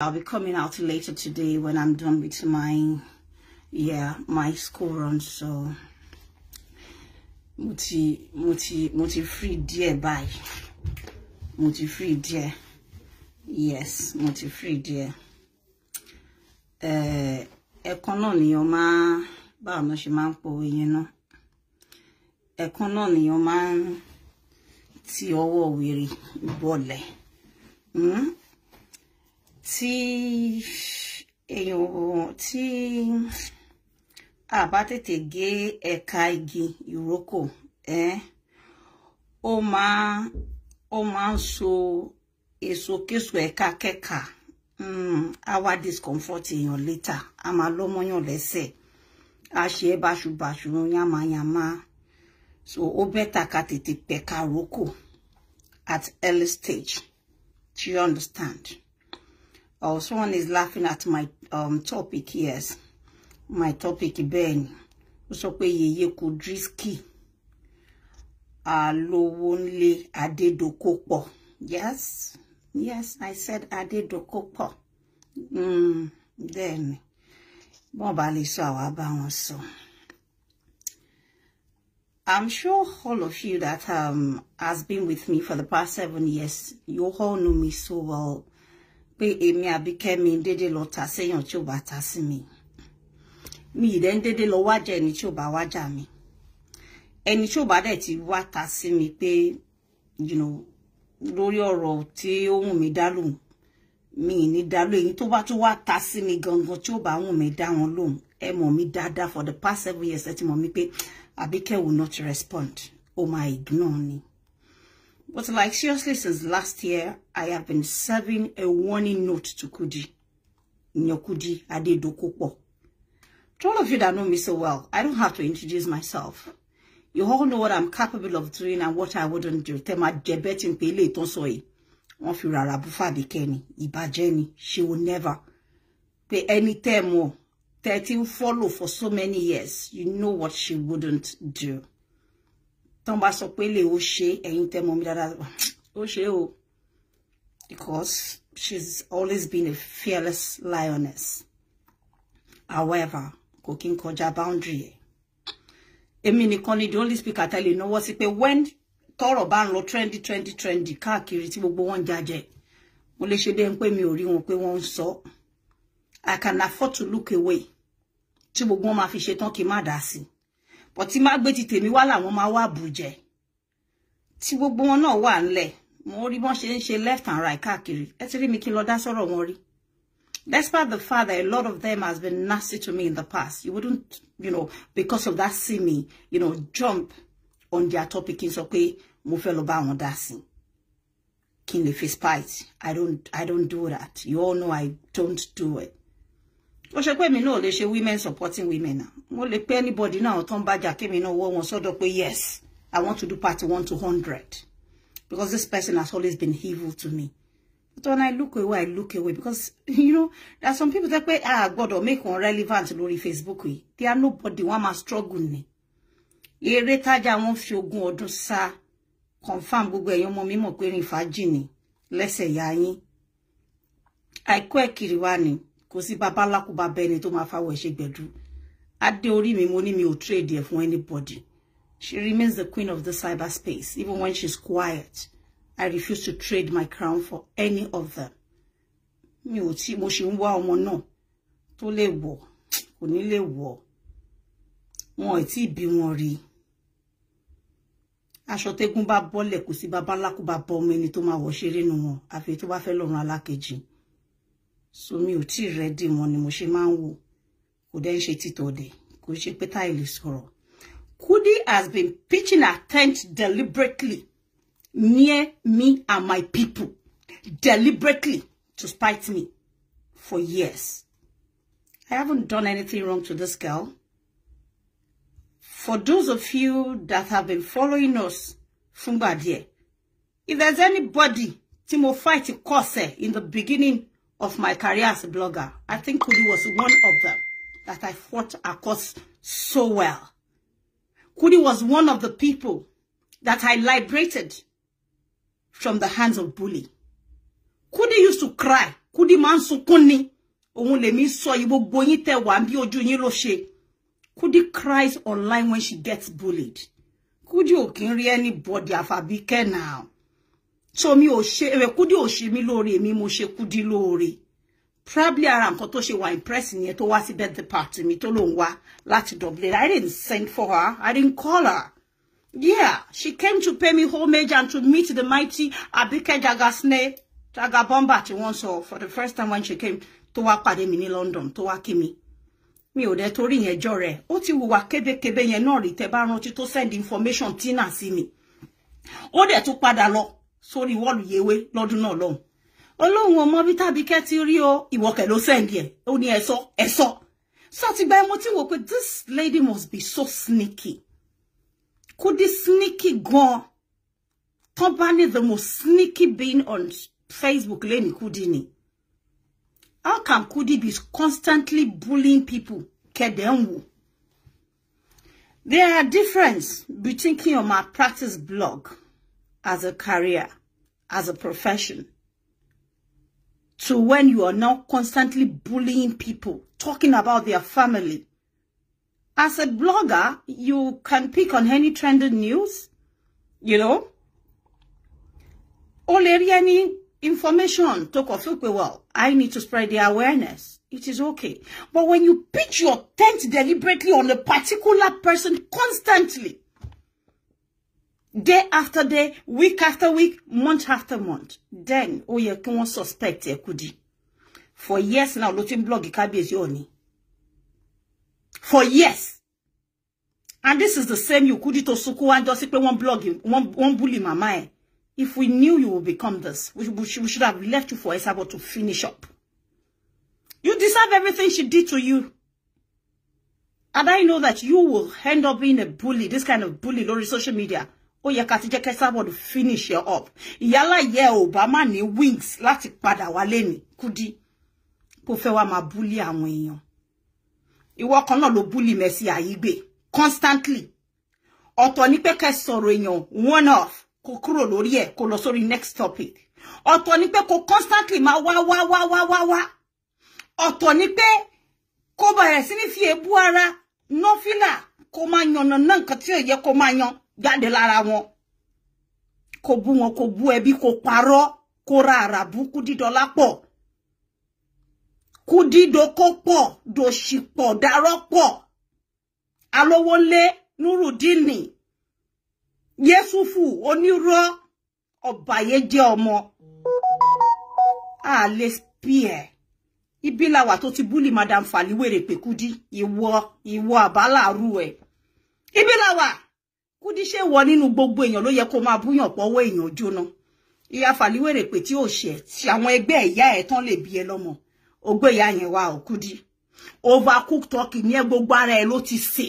I'll be coming out later today when I'm done with my, yeah, my school run. So, mo ti, mo free dear bye. Mo free dear. Yes, mo free dear. Eh, ẹ̀kan náà ni o máa, báwo ni ṣe máa ń pòwe yẹn náà. ti owo wèrè bọ̀lẹ̀. Hmm? tí èèyàn tí a bá tètè gé ẹ̀ka igi ìrókò ẹ́ ó máa ó máa ń so èso késo ẹ̀ka kẹ́ka á hmm, wá discomfort èèyàn later a máa lọ́mọ́yàn lẹ́sẹ̀ a ṣe é báṣubàṣu yánmayánmá so ó bẹ́tà ká tètè pẹ̀ka rókò at early stage do you understand? Oh, someone is laughing at my um, topic, yes. My topic, Ben. Ó sọ pé Yèyé ade do kopo. Yes. Yes, I said Adedokopo. Mm, then. Bon, ba le sọ. I'm sure all of you that um, has been with me for the past seven years, you all know me so well. pé èmi àbí kẹ́mi dédé lọ ta séèyàn tí ò bá ta sí mi mi ìdẹ́ ń dédé lọ wájà ẹni tí ò bá wájà mi ẹni tí ò bá dẹ̀ ti wá ta sí mi pé you know, lórí ọ̀rọ̀ tí ó wù mí dá lóhùn mi ní dá lóhùn èyí tó bá tún wá ta sí mi gangan tí ò bá wù mí dá wọn lóhùn ẹ mọ̀ mí dáadáa for the past seven years ẹ ti mọ̀ mí pé Àbíkẹ́ will not respond ó máa ignore ni But like seriously, since last year, I have been serving a warning note to Kudi. Nyokudi Dokopo. To all of you that know me so well, I don't have to introduce myself. You all know what I'm capable of doing and what I wouldn't do. Tema jebetin pele itonsoyi. you're a bú de ni, Iba Jenny, she will never. Pay any time more. 13 follow for so many years. You know what she wouldn't do. tán bá sọ pé lè ó ṣe ẹ̀yin tẹ́ mọ̀ mi dáadáa ó ṣe o because she's always been a fearless lioness however kò kí n kọjá boundary ẹ̀ èmi nìkan ni the only speaker tẹ́lẹ̀ náwó sí pé when tọ́rọ̀ bá ń lọ trendy trendy trendy káàkiri tí gbogbo wọn ń jajẹ mo lè ṣe dé ń pé mi ò rí wọn pé wọ́n I can afford to look away tí gbogbo wọn máa fi ṣetán kí n má dá sí bọ̀ tí má gbé ti tèmi wá làwọn máa wá bùjẹ́ tí gbogbo wọn náà wà ńlẹ̀ mo rí bọ́n ṣe left and right kakiri ẹ ti rí mi kí lọ dá sọ̀rọ̀ wọn rí despite the fact that a lot of them has been nasty to me in the past you wouldn't you know because of that see me you know jump on their topic in n sọ pé mo fẹ́ lọ bá wọn dá lè i don't i don't do that you all know i don't do it ó ṣe pé èmi náà lè ṣe women supporting women náà mo le pe anybody náà tó ń bájà na náà wọ́ so do pé yes i want to do part one to hundred because this person has always been evil to me but when i look away i look away because you know there are some people that pé ah God gbọ́dọ̀ make one relevant lórí facebook we. they are nobody one máa struggle ni eré tájà wọn fi ogún ọdún sá confam gbogbo ẹ̀yin ọmọ mi mọ̀ pé rìn fàájì ni lẹ́sẹ̀ ìyá yín I ẹ̀ kiri wá ni kò sí bàbá lákùbà bẹni tó máa fáwọ ẹṣẹ gbẹdú adé orí mi mo ní mi ò trade ẹ fún anybody she remains the queen of the cyberspace even when she's quiet i refuse to trade my crown for any of them mi ò tí mo ṣe ń wá ọmọ náà tó lè wọ kò ní lè wọ wọn ò tí ì bí wọn rí aṣọ tẹgún bá bọ́lẹ̀ kò sí bàbá bá bọ ọmọ ẹni tó máa wọ ṣeré nu wọn àfi tó bá fẹ́ lọ́rùn alákejì so mi ò tí ì rẹ́dì mọ́ ni mo ṣe máa ń wò kò dẹ́ ń ṣe títọ́ dẹ̀ kò ṣe pé táì Kudi has been pitching a tent deliberately near me and my people deliberately to spite me for years I haven't done anything wrong to this girl for those of you that have been following us fúngbà díẹ̀ if there's anybody tí mo fight kọ́sẹ̀ in the beginning of my career as a blogger. I think Kudi was one of them that I fought across so well. Kudi was one of the people that I liberated from the hands of bully. Kudi used to cry. Kudi man sunkún ni. Òun lèmi sọ yìí gbogbo yín tẹ́ wà bí Kudi cries online when she gets bullied. Kudi ò kí ń rí anybody àfàbí now so mi ò ṣe Wèrè Kúdí ò ṣe mí lóore mo ṣe Kúdí lóore probably ara nǹkan tó ṣe wà impress nìyẹn tó wá sí birthday party mi tó lòun wá láti Dublin I didn't send for her I didn't call her yeah she came to pay me homage and to meet the mighty Abike Jagasne Jagabomba tí wọ́n sọ for the first time when she came to wá pàdé mi ní London tó wá kí mi mi ò dẹ̀ torí yẹn jọ rẹ̀ ó ti hùwà kébékébé yẹn náà rí tẹ́ bá rántí tó send information Tina sí mi ó dẹ̀ tún padà lọ sórí wọ́ọ̀lù yewé lọ́dún náà lọ́hùn olóhùn ọmọ bí tàbíkẹ́ ti rí o ìwọ̀kẹ̀ ló sẹ́ndì ẹ̀ ó ní ẹ̀sọ́ ẹ̀sọ́ so ti gba ẹmọ tí wò pé this lady must be so sneaky kó dé sneaky gan tán bá ní the most sneaky being on Facebook lẹ́ni Kudi ni how can Kudi be constantly bullying people kẹ̀dẹ̀ ń wò there are difference between kí o máa practice blog as a career as a profession to when you are now constantly bullying people, talking about their family. As a blogger, you can pick on any trending news, you know. All any information, talk of it, well, I need to spread the awareness. It is okay. But when you pitch your tent deliberately on a particular person constantly, day after day, week after week, month after month. Then, oh yẹ can suspect you, Kudi. For years now, you can't be Kábíyèsí Ọọ̀ni. For years. And this is the same you Kudi tó suku and just sí one blog, one, one bully màmá If we knew you would become this, we should, we should have left you for Esabod to finish up. You deserve everything she did to you. And I know that you will end up being a bully, this kind of bully, lórí social media. ó yẹ ká ti jẹ́ kẹ́ sábọ̀dù finish your up ìyálà yẹ Obama ni wings láti padà wálé ní Kudi kó fe wa ma bully àwọn èèyàn Iwo kan lo bully búlì Mercy Aigbe constantly ọ̀tọ̀ ní pé kẹ́ sọ̀rọ̀ èèyàn one off kó kúrò lórí ẹ̀ kó lọ sórí next topic ọ̀tọ̀ ní pé kó constantly ma wa wa wa wa wa wa. ọ̀tọ̀ ní pé kó bẹ̀rẹ̀ sí ní fi èébú ara nọ́fìlà kó máa yan nànà nǹkan tí ò yẹ kó máa yan jáde lára wọn kò bú wọn kò bú ẹbí kò parọ́ kó ra àràbù kú dídọ́lá pọ̀ kú dídokó pọ̀ dòṣì pọ̀ darọ́ pọ̀ alówólé nurudini yẹsùfù onírọ́ ọ̀bàyéjẹ́ ọmọ àlè spear ibi làwà tó ti búlì madam fàlíwèrè pèkúdí ìwọ ìwọ àbálàrú ẹ ibi làwà. Kúdí ṣe wọ nínú gbogbo èèyàn ló yẹ kó máa búyàn pọ́wọ́ èèyàn jóná ìyá fàlíwèrè pé tí ò ṣe ti àwọn ẹgbẹ́ ìyá ẹ̀ tán lè bí ẹ lọ́mọ ògbé ìyá yẹn wà ó Kúdí overcook turkey ní ẹ gbogbo ara ẹ ló ti sè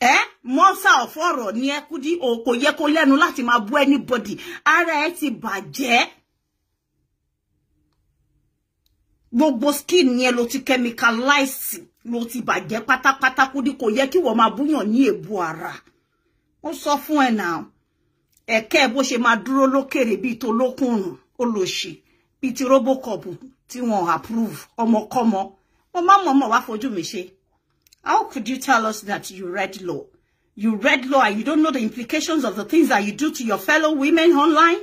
ẹ mọ́sà ọ̀fọ̀rọ̀ ní ẹ Kúdí kò yẹ kó lẹ́nu láti máa bú anybody ara ẹ ti bàjẹ́ gbogbo skin yẹn ló ti chemicalize ló ti bàjẹ́ pátápátá kó dí kò yẹ kí wọ́n máa búyàn ní èbú ara ó sọ fún ẹ̀ náà ẹ̀kẹ́ bó ṣe máa dúró lókèrè bíi tó lókùnrùn olóṣì bíi ti robocop tí wọ́n approve ọmọkọ́mọ mo má mọ̀ mọ̀ wá fojú mi ṣe how could you tell us that you read law you read law and you don't know the implications of the things that you do to your fellow women online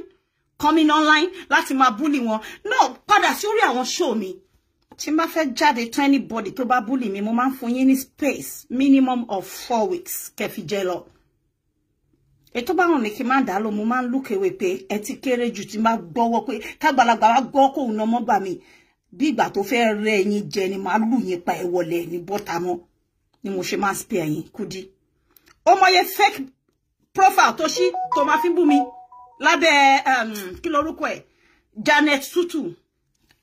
coming online láti máa búlì wọn No, padà sí orí àwọn show me tí n bá fẹ́ jáde tán anybody tó bá bully mi mo máa ń fún yín space minimum of four weeks kẹfì jẹ lọ ètò báwọn ní kí n má dá lò mo máa ń lùkèwé pé ẹ ti kéré jù tí n bá gbọ́wọ́ pé tágbàlagbà wá gbọ́ kó òun ọmọ bà mí bí ìgbà tó fẹ́ rẹ́ ẹyin jẹ ni màá lù yín pa ẹ wọlé ní bọ́ta mọ́ ni mo ṣe máa spare yín Kudi Omo mọye fake profile tó ṣí tó máa fi bú mi lábẹ́ um, kí lorúkọ ẹ̀ Janet Tutu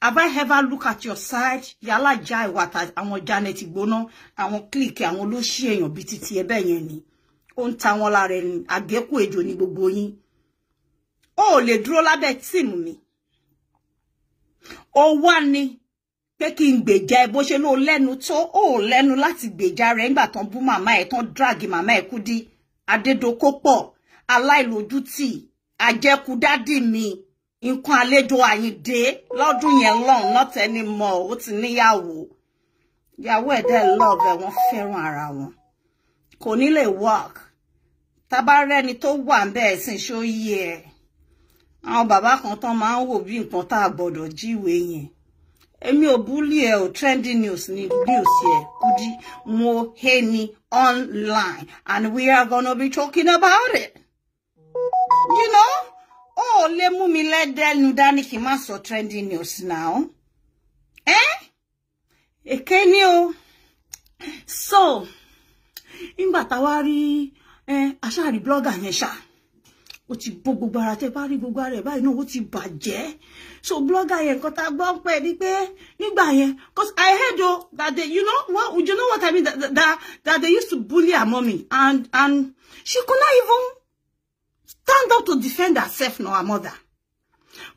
have I ever look at your side Yala, jai wata àwọn janet gbóná àwọn kílìkì àwọn olóṣì èèyàn bíi títí ẹbẹ yẹn ni ó ń ta wọn lára ẹni àgékù ejò ní gbogbo yín ó lè dúró lábẹ́ tíìmù mi ó wá ní pé kí n gbèjà ẹ bó ṣe ló lẹ́nu tó ó lẹ́nu láti gbèjà rẹ̀ ńgbà tán bú màmá ẹ̀ tán drag màmá ẹ̀ Kudi adédokópọ̀ aláìlójútì àjẹkù dádì mi nǹkan àlejò àyíǹde lọ́dún yẹn lọ́hùn not anymore ó ti níyàwó ìyàwó ẹ̀ dẹ̀ love ẹ̀ wọ́n fẹ́ràn ara wọn kò ní lè work tábà rẹ́ni tó wà ń bẹ́ẹ̀ sìn ṣó yí ẹ̀ àwọn bàbá kan tán máa ń wò bí nǹkan tá a gbọ́dọ̀ jíwèé yẹn èmi ò búlì ẹ ò trendy news ni news yẹ Kudi Moheni online and we are gonna be talking about it you know. Ole lè mú mi lẹ́dẹ́nu dání kí trending news now eh? èké ni o so nígbà táwa rí aṣáàrí blogger yẹn ṣá ó ti bó gbogbo ara tẹ bá rí gbogbo ara ti bàjẹ́ so blogger yẹn nǹkan tá a gbọ́ ń ni pé cause I heard o oh, that they you know what you know what I mean that that, that they used to bully her mommy and and she could not even stand up to defend herself nor her mother.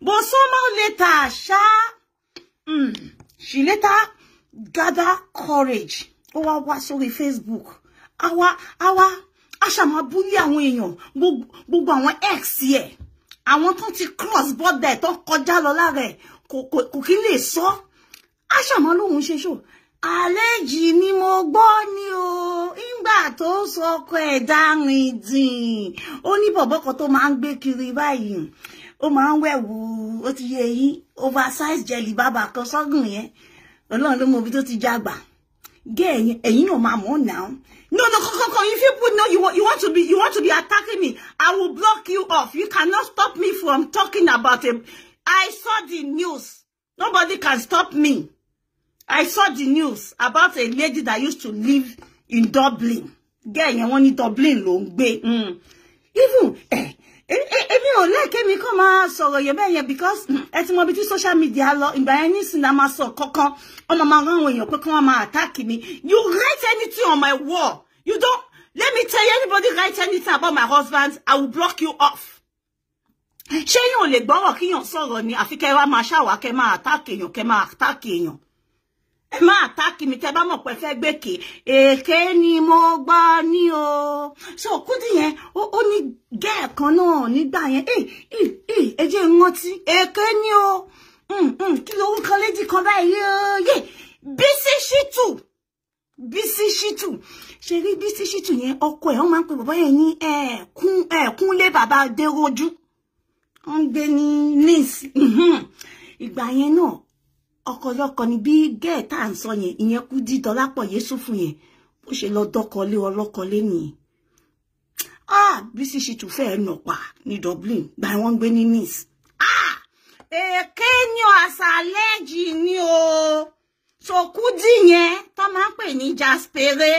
But somehow later, Sha, mm, she later gather courage. Oh, I wá on the Facebook. Àwa, àwa, àṣàmà búlí àwọn èèyàn, gbogbo àwọn ex yẹ. Àwọn tó ti cross border tó kọjá lọ lára ẹ̀, kò kí lè sọ. Àṣàmà lóhun ṣe ṣò àlejì ni mo gbọ́ ni o ńgbà tó sọ ọkọ ẹ̀ dárin dìn ó ní bọ̀bọ́ kan tó máa ń gbé kiri báyìí ó máa ń wẹ̀wù ó ti yẹ yín oversize jelly bàbà kan sọ́gùn yẹn ọlọ́run ló mọ ibi tó ti jágbà gẹ́ ẹ̀yìn náà máa mọ̀ náà no no come come come if you put no you, you want to be you want to be attacking me I will block you off you cannot stop me from talking about him I saw the news nobody can stop me. I saw the news about a lady that used to live in Dublin. Girl you want ní Dublin long ń gbé. Mm. Even eh, eh, eh èmi ò like mi come máa sọ̀rọ̀ yẹn bẹ́ẹ̀ because it's more between social media lọ ìgbà yẹn nísìn náà So, sọ on, ọmọ máa rán àwọn èèyàn pé kí wọ́n attack mi. You write anything on my wall. You don't let me tell you anybody write anything about my husband I will block you off. Ṣé yín ò lè gbọ́rọ̀ kíyàn sọ̀rọ̀ ni àfi kẹ́ wá máa ṣàwá kẹ́ máa attack you? kẹ́ attack èèyàn ẹ má àtáàkì mi tẹ bá mọ̀ pé fẹ́ gbèkè èké ni mo gbọ́ ni o so Kúdí yẹn ó ní gẹ́ẹ̀ kan náà nígbà yẹn ẹ jẹ́ rántí èké ni o mm, mm, kí ló ń kan léjì kan báyìí yé Bísí Ṣítù Bísí Ṣítù ṣe rí Bísí Ṣítù yẹn ọkọ ẹ̀ wọ́n máa ń pè bàbá yẹn ní ẹ̀ẹ́kúnlé bàbá Adérójú ń gbé ní nice mhm. ìgbà yẹn náà ọkọlọ́kọ ni bí gẹ́ẹ̀ tá à ń sọ yẹn ìyẹn kú dí Dọlápọ̀ Yéṣùfù yẹn bó ṣe lọ dọ́kọlé ọlọ́kọlé nìyẹn ah Bísí Ṣìtù fẹ́ẹ́ nà pa ní Dublin gba wọ́n gbé ní Nice ah èké ni àṣàlẹ́jì ni o Sokudi yẹn tó máa ń pè ní jaspere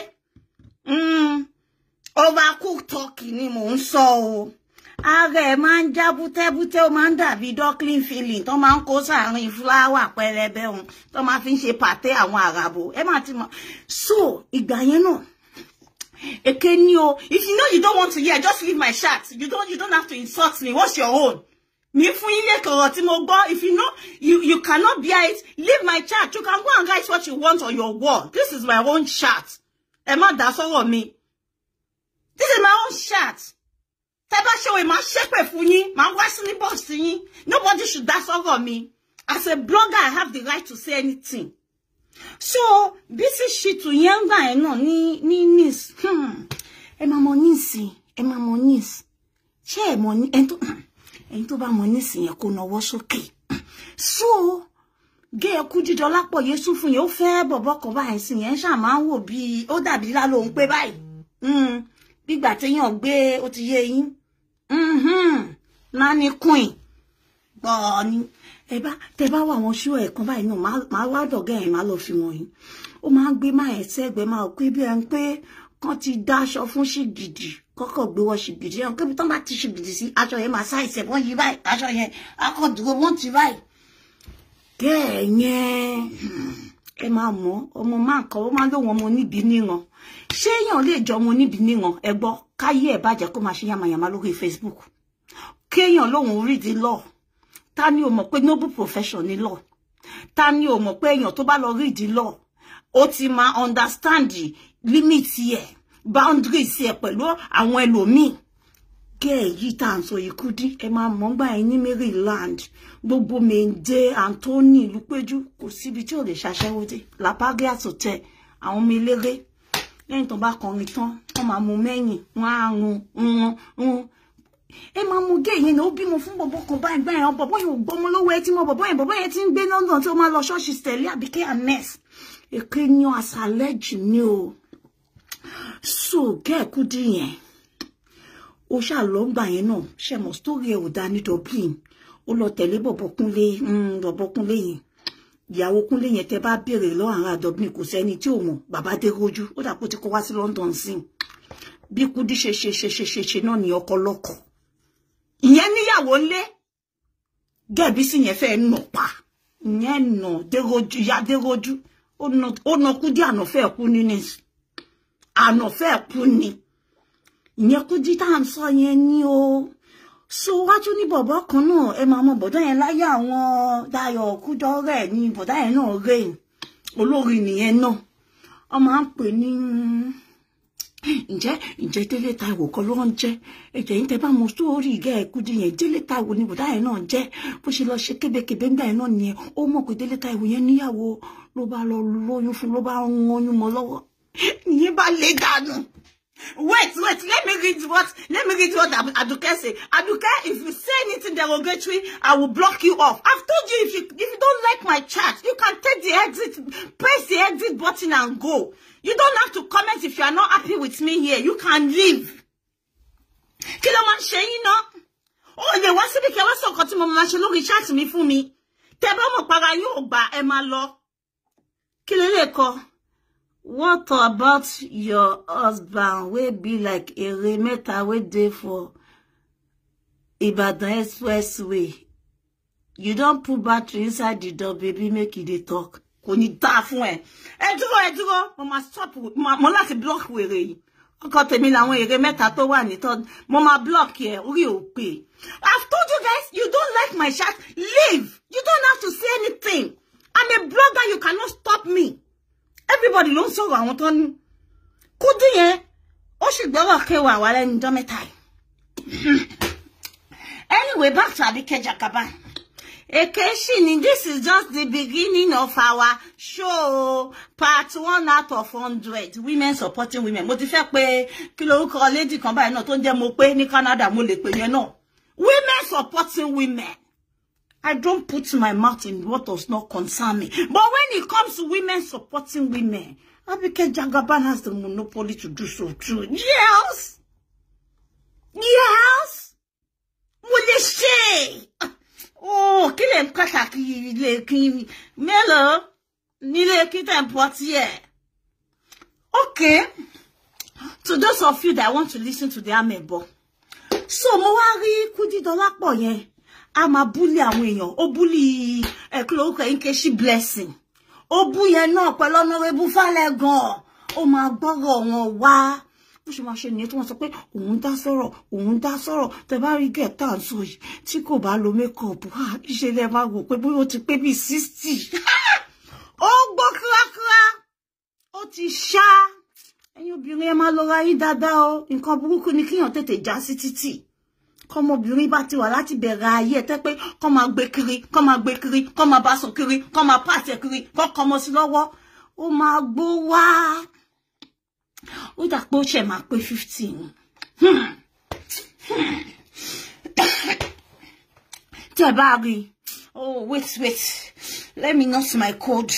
mm. overcooked turkey ni mò ń sọ o. So ara ẹ̀ máa ń já bútẹ́bútẹ́ ó máa ń dàbí duckling feeling tó máa ń kó sàárín fúláwà pẹlẹbẹ òun tó máa fi ń ṣe pàté àwọn àràbò ẹ máa ti mọ̀ so ìgbà yẹn náà èké ni o if you know you don't want to hear just leave my chat you don't you don't have to insult me what's your own mi fún yín lè kọ̀rọ̀ tí mo gbọ́ if you know you you cannot bear it leave my chat you can go and write what you want on your wall this is my own chat ẹ má dá sọ́rọ̀ mi this is my own chat tẹ bá ṣe òye máa ṣépè fún yín máa wá sí ní nobody should dá sọ́rọ̀ me. as a blogger i have the right to say anything so this is ṣìtù to young gbà No, ni ni ní nis hmm. ẹ máa mọ níìsì ẹ máa mọ ento ṣé ẹ mọ ní ẹni tó hmm. ẹni tó bá mọ níìsì yẹn kó nawọ́ sókè so gé ẹkú jíjọ lápọ̀ yéṣu fún yẹn ó fẹ́ bọ̀bọ̀ kan báyìí sí yẹn ṣáà máa ń wò bíi ó dàbí lálóhun pé hmm. ti yé yín mhm nani queen gbọ́ ni ẹ bá tẹ bá wà wọn ṣú ẹ̀kan báyìí náà máa wá dọ̀gẹ́ ẹ̀ máa lọ fi wọ̀nyí ó máa ń gbé máa ẹ̀ sẹ́gbẹ̀ẹ́ máa pé bí ẹni pé kán ti dáṣọ fún ṣìgìdì kọ́kọ́ gbé wọ ṣìgìdì ẹ̀hún kébí tán bá ti ṣìgìdì sí aṣọ yẹn máa ṣàìsẹ̀ wọ́n yí báyìí aṣọ yẹn akọ̀dùgbò wọ́n ti báyìí. kẹ́ ẹ̀ yẹn ẹ máa mọ̀ ọmọ máa kọ́ ó máa lóun ọmọ níbi níran ṣé èèyàn lè jọmọ níbi níran ẹ gbọ́ káyé ẹ̀ bàjẹ́ kó máa ṣe yàmàyàmà lórí Facebook kéèyàn lóun rí di law ta ni o mọ̀ pé noble profession ni law ta ni o mọ̀ pé èèyàn tó bá lọ rí di law ó ti máa understand limit ẹ̀ boundaries ẹ̀ pẹ̀lú àwọn ẹlòmíì gẹ́ èyí tá à ń sọ ikú dí ẹ máa mọ̀ gbà ẹ ní Maryland gbogbo méje Anthony Lùpẹ́jù kò síbi tí ò lè ṣaṣẹ́wó dé lapagia hotel àwọn ọmọ eléré lẹ́yìn tó bá kọrin tán wọ́n máa mú mẹ́yìn wọ́n á run run run ẹ máa mú gé yìí náà ó bímọ fún bọ̀bọ̀ kan báyìí gbà yẹn bọ̀bọ̀ yẹn ò gbọmọ lọ́wọ́ ẹ tí mo bọ̀bọ̀ yẹn bọ̀bọ̀ yẹn ti ń gbé London tí ó máa lọ ṣọ́ọ̀ṣì tẹ̀lé Àbíkẹ́ ames èké yan àṣàlẹ́jì ni o so gẹ́ẹ̀kú dì yẹn ó ṣàlọ́ngbà yẹn náà ṣe mọ̀ sórí ẹ̀ ò dá ní Dublin ó lọ tẹ̀lé bọ̀bọ̀ kúnlé mm, bọ̀bọ̀ kúnlé yẹn ìyàwó kúnlé yẹn tẹ bá béèrè lọ àwọn àdọbìn kò sẹ́ni tí ò mọ̀ bàbá dé rojú ó dàpọ̀ tí kò wá sí London sin bí kudi ṣe ṣe ṣe ṣe ṣe ṣe náà ní ọkọ lọkọ ìyẹn níyàwó lé gẹ̀bí sì yẹn fẹ́ nà pa ìyẹn nà dé rojú ya dé rojú ó nà kudi ànàfẹ́ kú ní ní ànàfẹ́ kú ní ìyẹn kudi tá à ń sọ yẹn ní o. so wájú ní bọ̀bọ̀ kan náà ẹ máa mọ bọ̀dọ̀ yẹn láyé àwọn Dayọ̀ Kúdọ̀rẹ́ ní bọ̀dá yẹn náà rèé olórí nìyẹn náà wọ́n máa ń pè ní ǹjẹ́ ǹjẹ́ délé Táíwò kan ló ń jẹ́ ẹ̀jẹ̀ yín tẹ́ bá mo sórí ìgá ẹ̀kúdí yẹn délé ni yẹn náà jẹ́ bó ṣe lọ ṣe kébékébé ńgbà yẹn náà nìyẹn ó mọ̀ pé délé dànù Wait, wait, let me read what, let me read what Aduke say. Aduke, if you say anything derogatory, I will block you off. I've told you, if you, if you don't like my chat, you can take the exit, press the exit button and go. You don't have to comment if you are not happy with me here. You can leave. Kí ló máa ń ṣe yín náà? Ó oh, lè wá síbi kẹ́ wá sọ̀kan tí mo máa chat mi fún mi. Tẹ́ bá mọ̀ para yóò gbà ẹ máa lọ. What about your husband Will be like a remeta wey dey for Ibadan expressway? You don't put battery inside the door, baby, make it e dey talk. Kò ní dáa fún ẹ. Ẹ dúró ẹ Mama mo máa stop, mo láti block wèrè yìí. Ọkọ tèmi làwọn èrè mẹ́ta tó wà ní tọ́jú. Mo Mama block here. orí ò pè. I've told you guys, you don't like my shirt, leave. You don't have to say anything. I'm a blogger, you cannot stop me everybody ló ń sọ̀rọ̀ àwọn tó ń Kúdí yẹn ó sì gbọ́rọ̀ kẹwàá wà lẹ́nu ọjọ́ mẹ́ta yìí anyway back to Abike Jagaban Ekechi ni this is just the beginning of our show part one out of hundred women supporting women mo ti fẹ́ pé kí lorúkọ lady kan báyìí náà tó ń jẹ́ mo pé ní Canada mo lè pè yẹn náà women supporting women I don't put my mouth in what does not concern me. But when it comes to women supporting women, Abike Jagaban has the monopoly to do so too. Yes! Yes! Mo Oh, kí lè pàtàkì ilé kí mélòó nílé kí tẹ̀ Okay. To those of you that want to listen to the amebo. So mo wá rí Kúdí Dọlápọ̀ yẹn a bully, máa búlì àwọn èèyàn ó búlì ẹ̀kúlórúkọ she Blessing ó bú yẹn náà pẹ̀lú Honorable Falegan O ma gbọ́rọ̀ wọn wá bó ṣe máa ṣe nìyẹn tí wọ́n sọ pé òun dá sọ̀rọ̀ òun dá sọ̀rọ̀ tẹ bá rí gẹ̀ẹ́tà ń sọ yìí tí kò bá lo mékọ̀ọ̀bù á ṣe lẹ́ máa wò pé bóyá ti pé bíi sixty ó gbọ́ kíákíá ó ti sha. ẹ̀yin obìnrin ẹ máa lọ ra yín dáadáa o nǹkan burúkú ni kíyàn tètè já sí títì kọmọbìnrin bá ti wà láti bẹ̀rẹ̀ ayé ẹ̀ tẹ́ pé kọ́ máa gbé kiri kọ́ máa gbé kiri kọ́ máa bá sùn kiri kọ́ máa pàṣẹ kiri kọ́ kọmọ sí lọ́wọ́ ó máa gbó wá ó dà pé ó ṣẹ̀ máa pé fifteen tẹ́ bá rí oh wait wait let me not my cold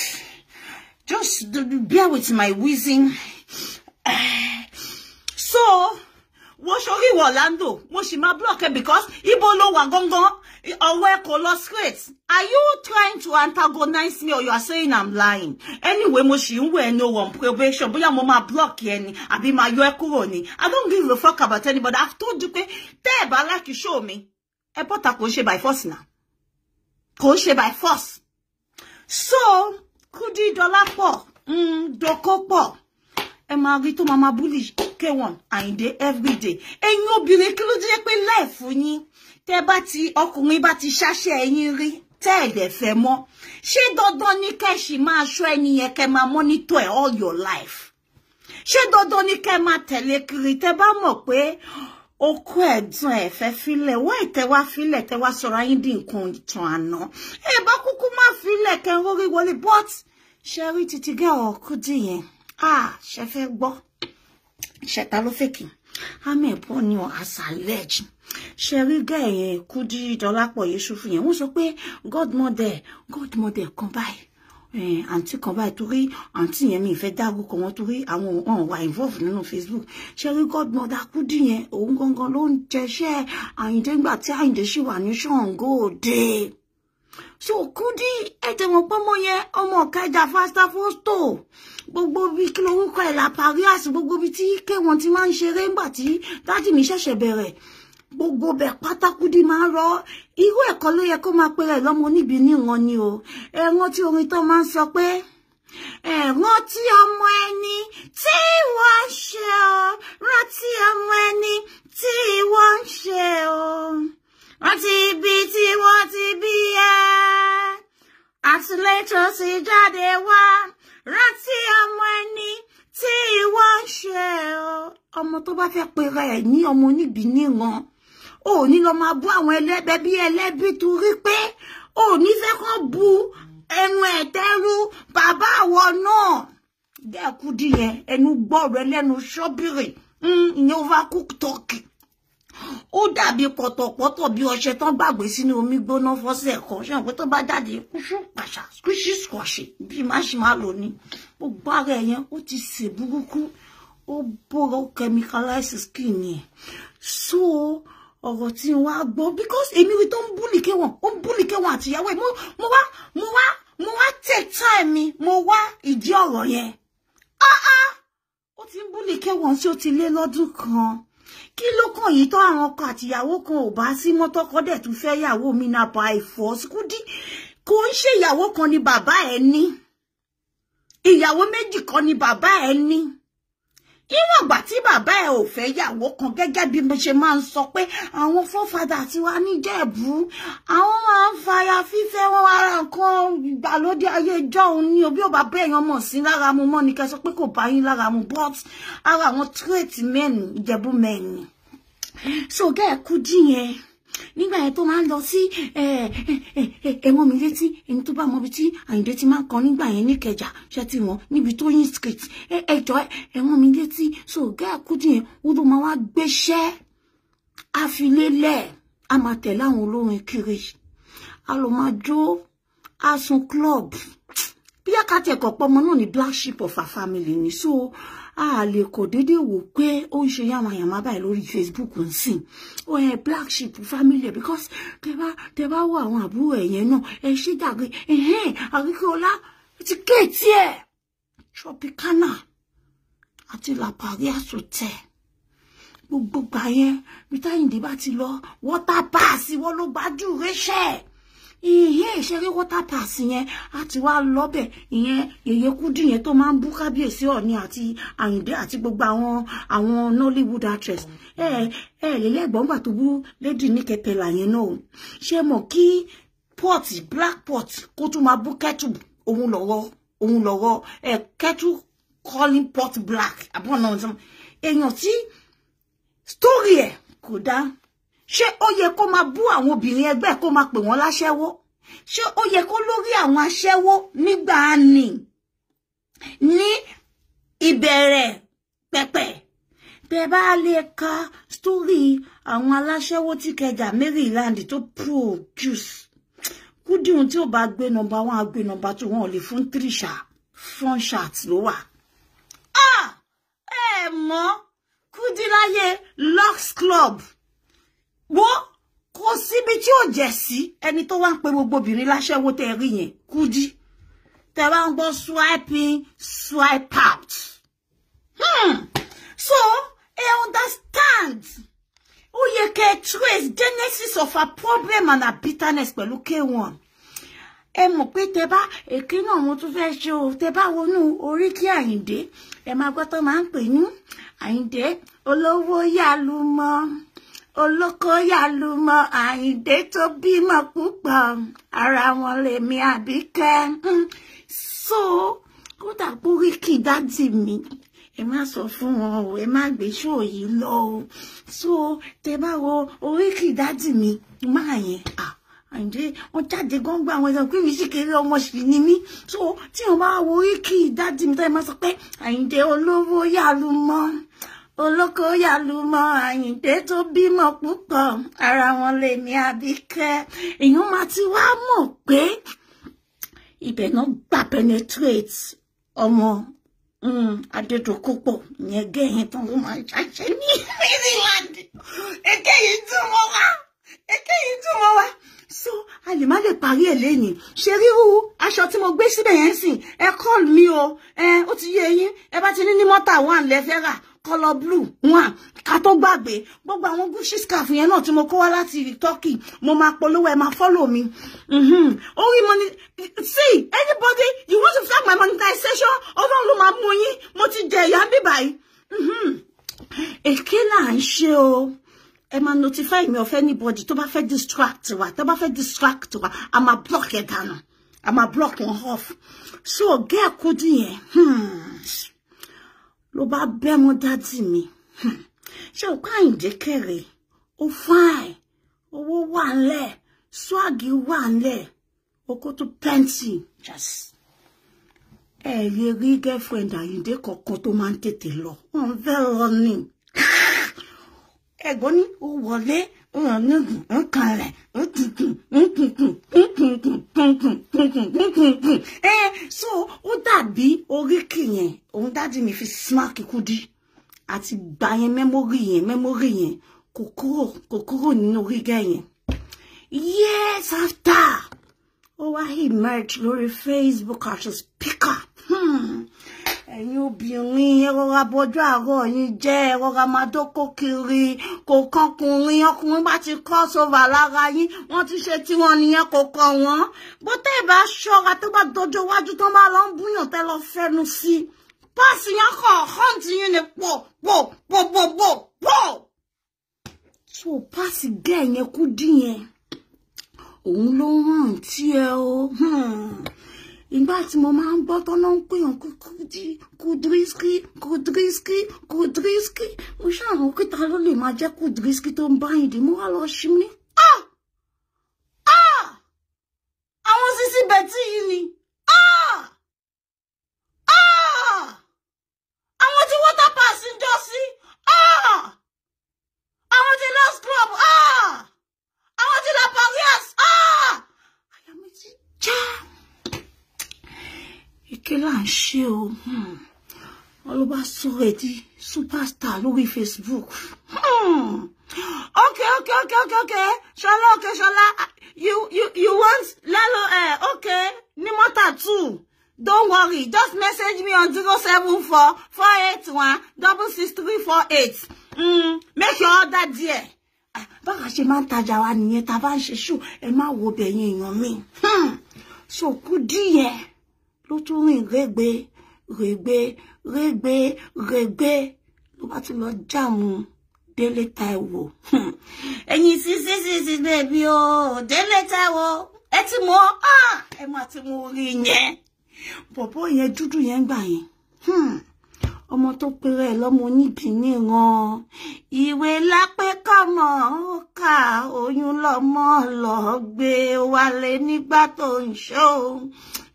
just bear with my wheezing so wọ́n sórí ìwọ̀ Orlando mo sì máa block ẹ because ibo ló wà gangan ọwọ́ ẹ kò lọ straight are you trying to antagonize me or you are saying i'm lying anyway mo sì ń wọ ẹni owó on probation bóyá mo máa block ẹ ni àbí máa yọ ẹ kúrò ni i don't give a fuck about anybody i've told you pé tẹ́ ẹ̀ bá like show mi ẹ bọ́ta kò ń ṣe by force na kò ń ṣe by force so Kudi Dọlápọ̀ mm, Doko pọ̀ ẹ máa rí tó máa máa búlì k1 àyíǹde everyday ẹ̀yin obìnrin kí ló jẹ́ pé láìfún yín tẹ́ bá ti ọkùnrin bá ti ṣáṣẹ́ ẹ̀yin rí tẹ́ ẹ̀ dẹ̀ fẹ́ mọ́ ṣé dandan ni kẹ́ṣì máa ṣọ́ ẹni yẹn kẹ́ máa mọ́nítọ̀ ẹ̀ all your life ṣé dandan ni kẹ́ máa tẹ̀lé kiri tẹ́ bá mọ̀ pé okú ẹ̀dùn ẹ̀ fẹ́ filẹ̀ wọ́n ìtẹ́wá filẹ̀ tẹ́wá sọ̀rọ̀ ayé dín nǹkan ìtàn àná ẹ bá kúkú má filẹ̀ kẹ́ ń rórí wọlé but ṣe rí títí gẹ́ ọ̀kú dìyẹn ah ṣe fẹ́ gbọ́ ṣẹta ló fèkì amẹ̀pọ̀ ni as alleged ṣẹrígà ẹ̀yẹn Kúdírọ̀lápọ̀ Yúsúfù yẹn wọ́n sọ pé godmother godmother kan báyìí àǹtí kan báyìí torí àǹtí yẹn mi ìfẹ́ dárúkọ wọn torí àwọn ọ̀hún wà involved nínú Facebook ṣẹ́rí godmother Kúdí yẹn òun gangan ló ń jẹṣẹ́ Àyìndé ńgbà tí Àyìndé ṣì wà ní Ṣàngó Òde so Kúdí ẹ̀tẹ̀wọ̀n pọ́nmọ́ yẹn ọmọ Ìkẹjà fásitì fóstò gbogbo bí kí lorúkọ ẹ̀ la parias gbogbo bí tí kéwọn ti máa ń ṣeré ńgbà tí dájì mi ṣẹ̀ṣẹ̀ bẹ̀rẹ̀ gbogbo bẹ̀ pátákúdí máa ń rọ irú ẹ̀kọ́ ló yẹ kó máa pe rẹ̀ lọ́mọ níbi níwọn ni o ẹ rántí orin tó máa ń sọ pé ẹ rántí ọmọ ẹni tí wọ́n ń ṣe o rántí ọmọ ẹni tí wọ́n ń ṣe o rántí ibi tí wọ́n ti bí ẹ àtìlẹ́tọ̀ sí jáde wá. ọmọ tó bá fẹ́ pera ẹ̀ ní ọmọ oníbi níran ò ní lọ máa bú àwọn ẹlẹ́bẹ̀ bí ẹlẹ́bí torí pé ò ní fẹ́ kàn bu ẹnu ẹ̀tẹ́rú bàbá àwọ náà dẹ́kun díẹ̀ ẹnu gbọ́rọ̀ ẹlẹ́nu ṣọ́bìrì hmm, ìyẹn overcook turkey ó dàbí pọ̀tọ̀pọ̀tọ̀ bí ọṣẹ tán gbàgbé sínú omi gbóná fọ́sẹ̀ kan ṣé pé tó bá jáde kúṣù pàṣà kúṣì squash bí má ṣe má lò ní gbogbo ara ẹ̀yẹn ó ti ṣe burúkú ó bóra ó chemicalize skin yẹn so ọ̀rọ̀ tí n wá gbọ́ because Emi wí tó ń búlì kéwọ̀n ó ń búlì kéwọ̀n àti ìyàwó ẹ̀ mo wa, mo wa, mo wa take time mi mo wa ìdí ọ̀rọ̀ yẹn ah ah ó ti ń búlì kéwọ̀n sí ó ti lé lọ́dún kan kí ló kàn yìí tó àwọn ọkọ àtìyàwó kan ò bá sí mọ́tọ́ kọ́dẹ̀ tún fẹ́ yàwó mi náà bá ìfọ́ skúdí kò ń ṣe ìyàwó kan ni bàbá ẹ ní ìyàwó méjì kan ni bàbá ẹ ní níwọ̀n ìgbà tí bàbá ẹ̀ ò fẹ́ yàwó kan gẹ́gẹ́ bí mo ṣe máa ń sọ pé àwọn fọ́fadà tiwa níjẹ̀bú àwọn máa ń fara fífẹ́ wọn ara nǹkan ìgbàlódé ayé ìjọ òun ni òbí ò bá bẹ́ èèyàn mọ̀ sí lára mu mọ́ ni kẹ́ sọ pé kò bá yín lára mu but ara àwọn tírèètì mẹ́rin ìjẹ̀bú mẹ́rin so gẹ́ẹ̀kú díyẹn nígbà yẹn tó máa ń lọ sí ẹ̀wọ̀n mi létí ẹni tó bá mọ ibi tí àyìndé ti máa ń kọ nígbà yẹn níkẹjà ṣe ti mọ níbi tó yín street ẹjọ ẹ̀wọ̀n mi létí so ọ̀gá àkúdì yẹn ó ló máa wá gbéṣẹ́ àfilélẹ̀ a máa tẹ̀lé àwọn olórin kiri a lọ máa jó a sun club bí a kà tiẹ̀ kọ̀ pọ̀ ọmọ náà ní black sheep of our family ni so a lè kọ̀ déédéé wò pé ó ń ṣe yàmàyàmà báyìí lórí facebook ń sìn ó ẹ black sheep family because tẹ bá tẹ bá wọ àwọn àbúrò ẹ yẹn náà ẹ ṣí dàgbé ẹhẹn Akíkíọlá ti kéètì ẹ tropicana àti la paris hotel gbogbo gbà yẹn bí táyìndé bá ti lọ water pass wọn ló gbájú rẹṣẹ ìyẹn ìṣeré water pass yẹn a ti wá lọ́bẹ̀ ìyẹn yèyé kúdí yẹn tó máa ń bú kábíyèsí ọ̀ni àti àyìndé àti gbogbo àwọn àwọn nollywood actress ẹ ẹ lélẹ́ ẹ̀gbọ́n gbà tó bú lady ní kẹtẹlà yẹn náà ṣe mọ̀ kí pot black pot kó tún máa bú kẹ́tù òun lọ́wọ́ òun lọ́wọ́ ẹ kẹ́tù calling pot black àbọ̀nà èèyàn tí story ẹ̀ kò dá ṣé ó yẹ kó máa bú àwọn obìnrin ẹgbẹ́ kó máa pè wọ́n láṣẹ́wó ṣé ó yẹ kó lórí àwọn aṣẹ́wó nígbà ni ní ìbẹ̀rẹ̀ pẹ̀pẹ̀ tẹ bá lè ka sítórì àwọn aláṣẹ́wó tí kẹjà Maryland tó produce kúdìhun tí ó bá gbé nọ́mbà wọn á gbé nọ́mbà tó wọn ò lè fún tírìṣà front shot ló wà. Ah! ẹ mọ̀ kúdìláyé lux club wo kò síbi tí ò jẹ́ sí ẹni tó wá ń gbogbo obìnrin láṣẹ́wó tẹ́ rí yẹn Kudi tẹ́ bá ń gbọ́ swiping swipe out hmm. so I understand ó yẹ kẹ́ trace genesis of a problem and a bitterness pẹ̀lú K1 ẹ mọ̀ pé tẹ́ bá èké mo tún fẹ́ ṣe o tẹ́ bá wọnú orí kí Àyìndé ẹ máa gbọ́ tán máa ń pè ní Àyìndé olówó lu mọ́ olókóyàlùmọ̀ àyíǹde tó bímọ púpọ̀ ara wọn lèmi abike hmm, so kódà buriki dádì mi ẹ má sọ fún wọn o ẹ má gbé ṣóò yìí lọ so tẹ bá wo oríkì dádì mi máa yẹn à àyíǹde wọn jáde gbọngbà àwọn ẹsẹ pé ìrísí kéré ọmọ sì ni mí so tí wọn bá wo oríkì dádì mi tẹ ẹ má sọ pé àyíǹde olówó yàlùmọ̀ olóko yàlùmọ̀ àyìndé tó bímọ púpọ̀ ara wọn lèmi abike èèyàn máa ti wá mọ̀ pé ibẹ̀ náà gbà penetrate ọmọ mm, adédọ̀kọ́pọ̀ yẹn gẹ̀yìn tán ló máa ṣàṣẹ ní maryland èké yìí tún mọ́ wá èké tún mọ́ wá so a lè má lè parí ẹ̀ lẹ́yìn ṣe ríru aṣọ tí mo gbé síbẹ̀ yẹn sìn ẹ call mi o ẹ ó ti yé yín ẹ bá ti ní ní mọ́tà one lẹ́fẹ́ rà color blue wọn ká tó gbàgbé gbogbo àwọn Gucci scarf yẹn náà tí mo kó wá láti Turkey mo máa polówó ẹ máa follow mi orí mm-hmm. money see anybody you want to start my monetization ọlọ́run ló máa mú yín mo ti jẹ ìyá bíbá yìí mm-hmm. èké là ń ṣe o ẹ máa notify me of anybody tó bá fẹ́ distract wa tó bá fẹ́ distract wa I ma block ẹ̀ dànù I ma block wọn off so girl kudi yẹn. Hmm ló bá bẹ́ mọ́ dádì mi hmm. ṣé òkú àyìndé kẹrẹ ó fáìn owó wà ńlẹ̀ swagi wà ńlẹ̀ oko tó pẹ́ǹtì yes ẹ lè rí girlfriend àyìndé kankan tó máa ń tètè lọ wọn fẹ́ ni ẹ̀gbọ́n ní ó so ó dàbí oríkì yẹn òun dáàdì mi fi smack Kudi àti gbà yẹn mẹ́mórì yẹn mẹ́mórì yẹn kò kúrò kò kúrò nínú oríkẹ́ years after ó wá emerge lórí Facebook as a speaker. Hmm ẹ̀yin obìnrin ẹ rọra bọjú àárọ̀ yín jẹ́ ẹ rọra máa dókó kiri kò kọkùnrin ọkùnrin bá ti cross over lára yín wọ́n ti ṣe tí wọ́n nìyẹn kò kọ wọ́n bó tẹ́ ẹ bá ṣọ́ra tó bá dọjọ́ iwájú tán bá lọ ń búyàn tẹ́ lọ fẹ́nu sí i páàsì yẹn kọ̀ hunt yín ni pò pò pò pò pò pò. so páàsì gẹ́ ẹ̀yẹn kú dín yẹn òun ló hàn tí ẹ o. Hmm ìgbà tí mo máa ń gbọ́ tọ́lọ́ ń pè hàn Kudrisky Kudrisky Kudrisky mo ṣàrùn kíta ló lè máa jẹ́ Kudrisky tó ń bá ìdí mo wá lọ ṣí mi. Ah! Ah! àwọn sisi bẹ̀tì yìí ni kí là ń ṣe o hmm. wọn ló bá sọ̀rọ̀ ẹ di superstar lórí Facebook hmm. okay okay okay okay okay ṣọlá okay ṣọlá you you you want lalo eh okay ní mọ́tà two don't worry just message me on zero seven four four eight one double six three four eight hmm. make your order there ah, báwa ṣe máa ń tajà wa nìyẹn tá a bá ń ṣe ṣù ẹ má wo bẹ̀yìn èèyàn mi ṣòkú díẹ̀ ló tún rìn régbe régbe régbe régbe ló bá tún lọ jáàmù délé táíwò hmm. ẹ̀yin sí sí sí sí bẹ́ẹ̀bi o délé táíwò ẹ ti mọ̀ ẹ má ti mọ̀ orí yẹn bọ̀bọ̀ yẹn dúdú yẹn gbà yẹn hmm. ọmọ tó péré ẹ lọmọ oníbìíní ran ìwé lápẹ kọmọ ó kà oyún lọmọ lọ gbé wálé nígbà tó ń ṣó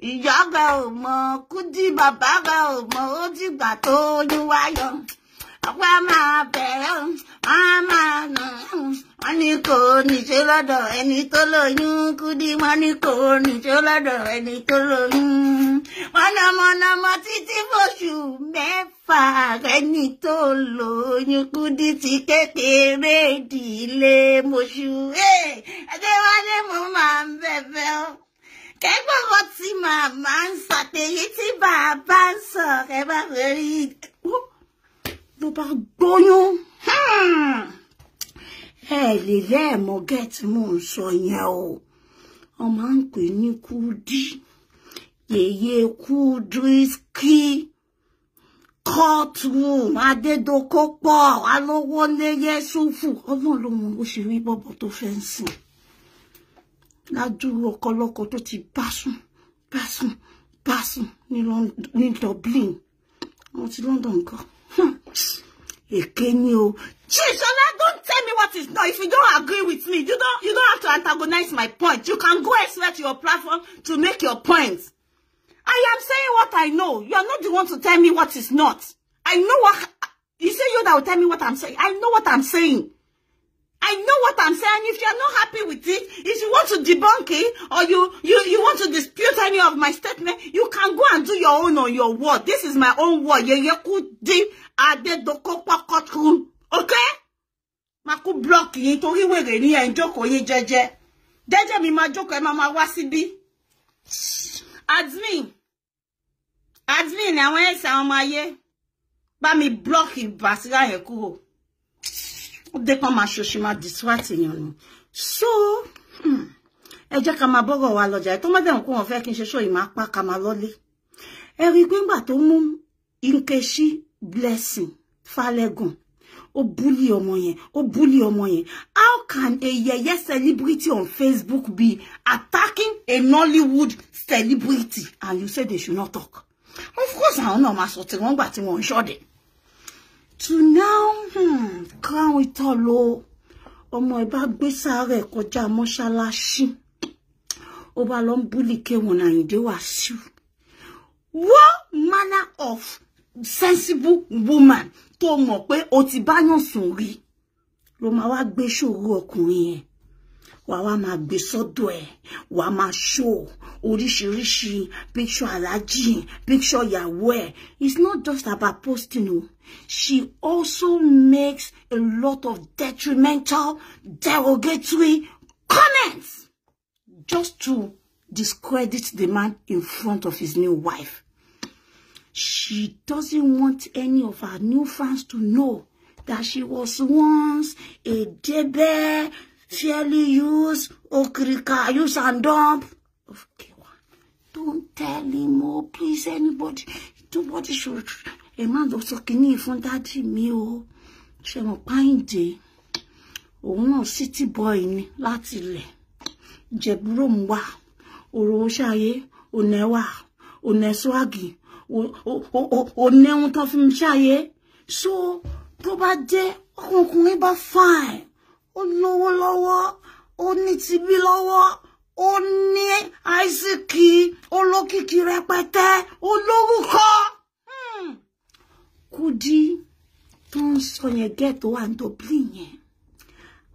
ìyá rẹ̀ ò mọ̀ kúdí bàbá rẹ̀ ò mọ̀ ó dìgbà tó oyún wáyọ ọpẹ máa bẹ̀rẹ̀ wọn máa nà wọn ní kò níṣe lọ́dọ̀ ẹni tó lóyún kúdí wọn ni kò níṣe lọ́dọ̀ ẹni tó lóyún mọ̀nàmọ́nàmọ́ títí fóṣù mẹ́fà ẹni tó lóyún kúdí ti kékeré ìdílé mọṣù ẹ ẹgbẹ́ wálé mo máa ń bẹ̀bẹ̀ o kẹ́gbọ́n kan tí màmá ń sọ tèyí tí bàbá ń sọ kẹ́ bá rí ló bá gbóyún ẹ lè lẹ́ẹ̀mọ́ gẹ́ẹ̀tì mò ń sọ yẹn o ọmọ ń pè ní Kudi yèyé Kudiski courtroom adédokópọ̀ alówó léyé ṣúfù ọlọ́run ló mọ bó ṣe rí bọ́bọ̀ tó fẹ́ ń sìn ládùúrú ọkọlọ́kọ tó ti bá sùn bá sùn bá sùn ní Dublin àwọn ti London kan hmm. èké ni o Chisola don't tell me what is not if you don't agree with me you don't you don't have to antagonize my point you can go elsewhere to your platform to make your point I am saying what I know you are not the one to tell me what is not I know what you say you that will tell me what I'm saying I know what I'm saying. I know what I'm saying. If you're not happy with it, if you want to debunk it or you, you, you want to dispute any of my statement, you can go and do your own on your word. This is my own word. Yeyekudi Adedokokwa Kotkun. Okay? Maku block yin torí wèrè ni ẹ ń jókòó yín jẹ́jẹ́. Jẹ́jẹ́ mi máa jókòó ẹ máa máa wá síbí. Admin. Admin àwọn ẹ̀sìn àwọn ọmọ ayé. Bá mi block basira yẹn kúrò dé kan máa ṣe ṣe máa diswat èèyàn ni so hmm, ẹ jẹ́ ká máa bọ́rọ̀ wa lọ́jà tó mọ́tẹ̀ ń kó wọn fẹ́ kí n ṣe ṣó yìí pa ká máa lọ́lé ẹ rí i pé ńgbà tó mú Nkechi Blessing Fálẹ́gùn ó búlì ọmọ yẹn ó búlì ọmọ yẹn how can a yeye celebrity on Facebook be attacking a Nollywood celebrity and you say they should not talk of course àwọn náà máa sọ tiwọn gbà tí wọn ń ṣọdẹ to now hmm, crown ìtọ̀ ló ọmọ ẹ̀ bá gbé sáré kọjá mọ́ṣáláṣí ó bá lọ ń búlì kéwọn àyíndé wàṣíù what manner of sensible woman to mọ̀ pé o ti báyàn sùn rí ló máa wá gbé ṣòro ọkùnrin yẹn wà wá máa gbé sọ́dọ̀ ẹ̀ wà máa ṣó oríṣiríṣi píṣọ aláàjì píṣọ ìyàwó ẹ̀ it's not just about posting o she also makes a lot of detrimental derogatory comments just to discredit the man in front of his new wife she doesn't want any of her new fans to know that she was once a debe Surely use Okrika, use and dump. Okay, one. Don't tell him, more, please, anybody. Nobody should. A man ló sọ kínní fún daddy mi o. Ṣé mo Páyìndé. Oh no, city boy ni láti ilẹ̀. Jẹ̀búrò ń wá. Òrò ṣayé. Ònẹ́ wà. Ònẹ́ swagi. Ònẹ́ ohun tó fi ń ṣayé. So, tó bá jẹ́ ọkùnrin bá fine ó lówó lọ́wọ́ ó ní tibí lọ́wọ́ ó ní àìsíkì olókìkí rẹpẹtẹ olórúkọ hmm. Kudi tó ń sọ yẹn gẹ́ẹ̀tì wà ń dọ̀bí yẹn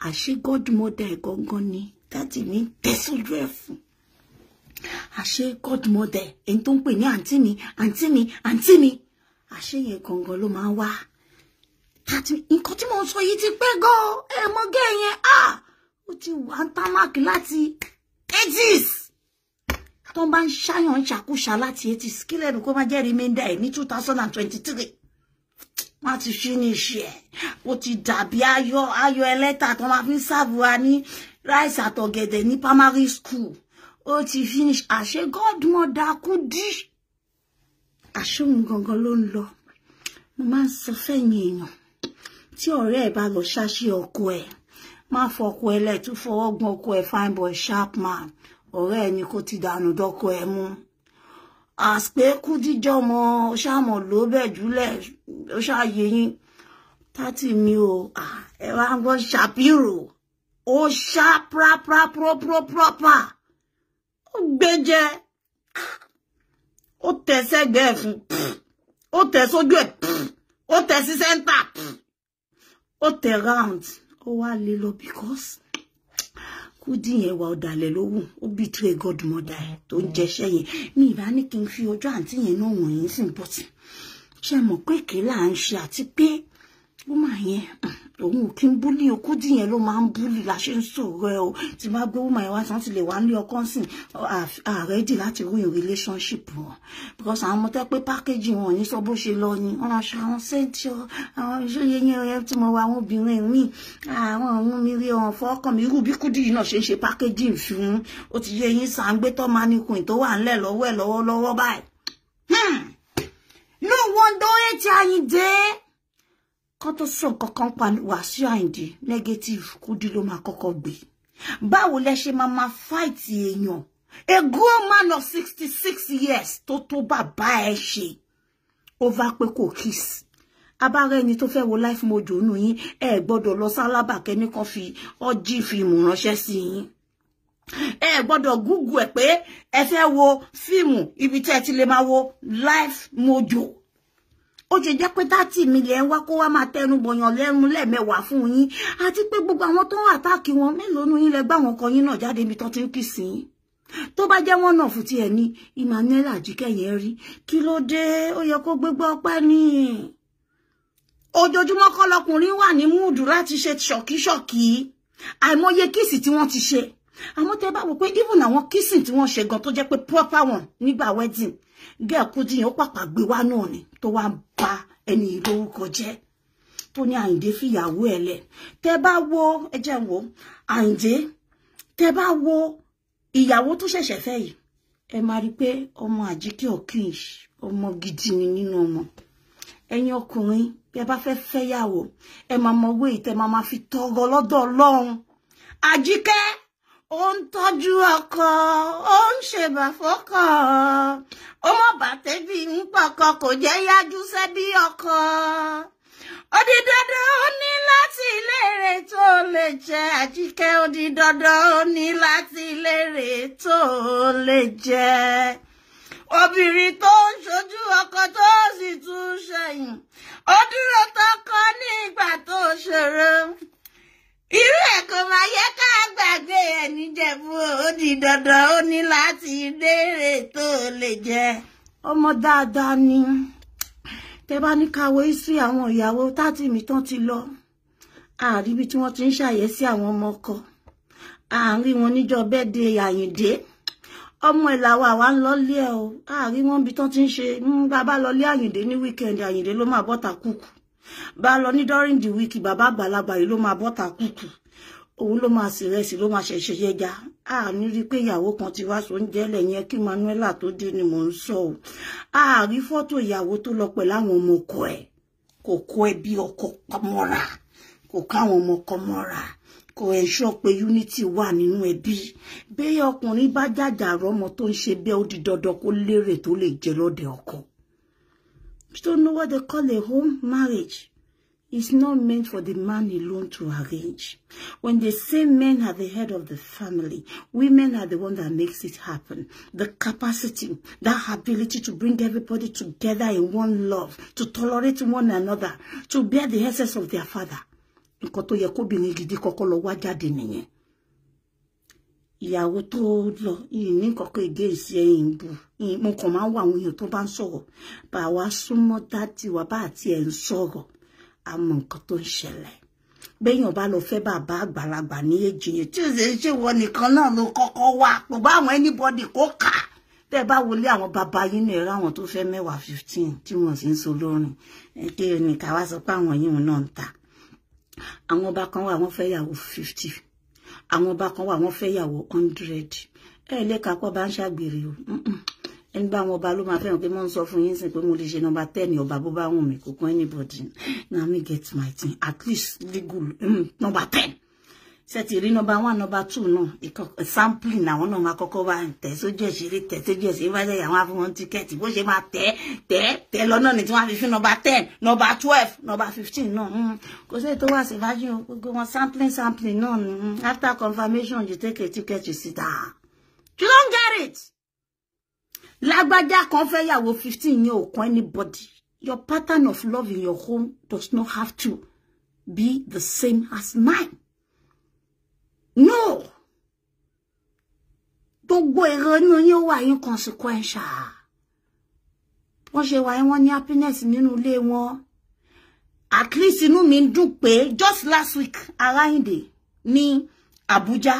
àṣé godmother gangan ni dáàdì mi ń tẹ́sọ́jú ẹ̀ fún àṣé godmother ẹni tó ń pè ní àǹtí mi àǹtí mi àǹtí mi àṣé yẹn gangan ló máa ń wá tàti nǹkan tí mò ń sọ yìí ti pẹ́ gan ẹ mọ gẹ́ yẹn à ah! ó ti wà ń támákì láti eighties tó bá ń ṣàyàn ṣàkóṣà láti eighties kí lẹ́nu kó má jẹ́ rìmẹ́ndà ẹ̀ ní two thousand and twenty three wọ́n ti ṣí ní iṣẹ́ ó ti dàbí ayọ̀ ayọ̀ ẹlẹ́ta tó máa fi ń ṣàbù wa ní rice àtọ̀gẹ̀dẹ̀ ní primary school ó ti finish àṣẹ godmother Kudi àṣẹ òun gangan ló ń lọ mo máa ń sọ fẹ́yìn èèyàn tí ọ̀rẹ́ ẹ̀ bá lọ ṣáṣí ọkọ ẹ̀ má fọkọ ẹ̀ lẹ́tún fọwọ́ gbọ́n ọkọ ẹ̀ fine boy sharp man, ọ̀rẹ́ ẹ̀ ni kò ti dànù dọ́kọ ẹ̀ mú àsìpé kúdíjọ́ mọ ṣáàmọ̀ ló bẹ̀ jùlẹ̀ ó ṣàyè yín tátì mi o ẹ wá ń gbọ́ ṣàpírò ó ṣá praprapropropropa ó gbẹjẹ ó tẹ sẹ́gbẹ̀ẹ́ fún ó tẹ sójú ẹ̀ ó tẹ sí sẹ́ńtà ó tẹ round ó wá lé lọ because kúdí yẹn wà ọ̀dàlẹ̀ lówù ó betray godmother ẹ̀ tó ń jẹṣẹ́ yẹn mi ìbá ní kí n fi ojú àǹtí yẹn náà wọ̀nyí sí bọ́tì ṣe mọ̀ pé èké là ń ṣe àti pé woman yẹn òun ò kí ń búlì okú dìyẹn ló máa ń búlì la ṣe ń sọ̀rọ̀ ẹ o tí bá gbé woman yẹn wá tán ti lè wá ní ọkọ sìn ààrẹ dì láti ròyìn relationship wọn because àwọn ọmọ tẹ pé pákéjì wọn ní sọ bó ṣe lọ ni wọn ránṣọ àwọn sẹńtì àwọn ìṣòye yẹn ẹ tí mo wá àwọn obìnrin mi àwọn ọ̀hún mi rí ọ̀hún fọ́ọ̀kàn mi irú bí kúdì yìí náà ṣe ń ṣe pákéjì fún ó ti yẹ yín sàǹgbé tọ́ mannequin tó wà ńlẹ̀ lọ́wọ́ ẹ̀ lọ́wọ́lọ́wọ́ báyìí hmm. no wonder ẹ̀ ti kán tó sọ nǹkan kan pa Wàsíù Àyìndé negative Kúdí ló máa kọ́kọ́ gbé báwo lẹ ṣe máa fight èèyàn a grown man of sixty six years tó tó bàbá ẹ ṣe over pé kò kiss abára ẹni tó fẹ́ wo life mojo nù yín ẹ gbọ́dọ̀ lọ sálábà kẹ́ni kan fi ọjí fíìmù ránṣẹ́ sí yín ẹ gbọ́dọ̀ gúgù ẹ̀ pé ẹ fẹ́ wo fíìmù ibi tí ẹ ti lè máa wo life mojo ó ṣe jẹ́ pé dátì mi lẹ́ ń wá kó wá máa tẹnu bọ̀yàn lẹ́nu lẹ́ẹ̀mẹ́wàá fún yín àti gbogbo àwọn tó ń àtáàkì wọn mélòó nu yín lẹ gbá àwọn ọkọ yín náà jáde ibi tó ti ń kì sí yín tó bá jẹ́ wọ́n náà fún tiẹ̀ ní Emmanuel Ajíkẹ́yẹ rí kí ló dé ó yẹ kó gbégbá ọpẹ́ ní ojoojúmọ́ kọ́ lọkùnrin wà ní múùdù láti ṣe ṣọ̀kíṣọ̀kí àìmọye kíìsì tí wọ́n ti ṣe àmọ́ tẹ́ bá wò even àwọn kíìsì tí wọ́n ṣe gan tó jẹ́ pé proper one nígbà wedding gẹ́ẹ̀ kú jiyàn ó pàpà gbé náà ni tó wá ba ẹni lórúkọ jẹ́ tó ní àyíndé fìyàwó ẹ lẹ tẹ́ bá wo ẹ jẹ́ wo tẹ́ bá wo ìyàwó tó ṣẹ̀ṣẹ̀ fẹ́ yìí ẹ máa rí i pé ọmọ àjíkẹ́ ọ̀kìn ọmọ gidi ni nínú ọmọ ọkùnrin bí ẹ bá fẹ́ fẹ́yàwó ẹ máa mọ owó ìtẹ́ máa fi tọrọ lọ́dọ̀ ó ń tọ́jú ọkọ ó ń ṣèbà fọ́kọ ó mọ̀ bàtẹ́ bí ń pọ̀kọ kò jẹ́ yájú sẹ́bí ọkọ ó di dandan ó ní láti léèrè tó lè jẹ àjíkẹ́ ó di dandan ó ní láti léèrè tó lè jẹ obìnrin tó ń ṣojú ọkọ tó sì tún ṣẹ̀yìn ó dúró tọkọ ní tó ṣòro irú ẹ̀ kò máa yẹ ká gbàgbé ẹ̀ níjẹ̀bú ó di dandan ó ní láti léèrè tó lè jẹ ọmọ dáadáa ni tẹ bá ní káwọ history àwọn ìyàwó tátì mi tán ti lọ àríbi tí wọ́n ti ń ṣàyẹsí àwọn ọmọ ọkọ àárín wọn níjọ bẹẹdẹ àyìndé ọmọ ìlàwọ àwa ń lọlé ẹ o àárín wọn bí tán ti ń ṣe ń hmm, bá bá lọlé àyìndé ní wíkẹndì àyìndé ló máa bọta kúkú bá lọ ní during the week bàbá àgbàlagbà yìí ló máa bọ́ta kùkù òun ló máa sìrẹsì ló máa ṣẹ̀ṣẹ̀ yẹja àní rí pé ìyàwó kan ti wá sóúnjẹ lẹ̀ yẹn kí Manuela tó dé ni mò ń sọ ọ́ àárí fọ́tò ìyàwó tó lọ pẹ̀lú àwọn ọmọ ọkọ ẹ̀ kò kó ẹbí ọkọ mọ́ra kò káwọn ọmọ ọkọ mọ́ra kò ẹ̀ṣọ́ pé unity wà nínú ẹbí bẹ́ẹ̀ ọkùnrin bá jàjà rọ́mọ tó ń ṣe bẹ́ẹ̀ ó di dandan kó lérè tó lè jẹ You don't know what they call a home marriage. It's not meant for the man alone to arrange. When the same men are the head of the family, women are the one that makes it happen. The capacity, that ability to bring everybody together in one love, to tolerate one another, to bear the essence of their father. ìyàwó tó lọ ìyìn ní kọ̀kọ́ èdè ìsí ẹ̀yìn bu mo kàn máa ń wà àwọn èèyàn tó bá ń sọ̀rọ̀ bá wa súnmọ́ dátì wa bá àti ẹ̀ ń sọ̀rọ̀ àmọ́ nǹkan tó ń ṣẹlẹ̀ béèyàn bá lọ fẹ́ bàbá àgbàlagbà ní èjì yẹn tí ó ṣe ṣe wọ nìkan náà ló kọ́kọ́ wà kò àwọn anybody kó kà tẹ́ bá wọlé àwọn bàbá yín náà ẹ̀rọ àwọn tó fẹ́ mẹ́wàá fifteen tí wọ́n sì ń so lórin ẹ̀kẹ́ ẹnìkan wá sọ pé àwọn yìí náà ń ta àwọn ọba kan wà wọ́n fẹ́ yàwó fifty àwọn ọba kan wà wọ́n fẹ́ yàwó hundred ẹ lẹ́ka pọ̀ bá ń ṣàgbèrè o ẹni bá wọn ọba ló máa fẹ́ràn pé mo ń sọ fún yín sìn pé mo lè ṣe nọ́mbà ten ọba bó bá wù mí kò kún anybody na me get my thing at least legal mm, nọ́mbà ten ṣe ti rí nọmba one nọmba two náà ìkọkọ sampling àwọn náà máa kọ́kọ́ wá tẹ̀ sójú ẹ̀ṣẹ̀rí tẹ̀ sójú ẹ̀ṣẹ̀rí bá jẹ́ àwọn afúnwọn tíkẹ́ẹ̀tì bó ṣe máa tẹ̀ tẹ̀ tẹ̀ lọ́nà ni tí wọ́n á fi fi nọmba ten nọmba twelve nọmba fifteen náà hmm. kò sí ètò wà sí ìbájú gbogbo wọn sampling sampling náà ni hmm. after confirmation you take a ticket you sit down you don get it lágbájá kan fẹ́ yàwó fifteen yẹn ò kàn anybody your pattern of love in your home does not have to be the same as mine. No! Gbogbo ìrònú yóò wà inconsequential. Wọ́n ṣe wà wọ́n ní happiness nínú ilé wọn. At least inú mi dùn pé just last week Aráyìndé ní Abuja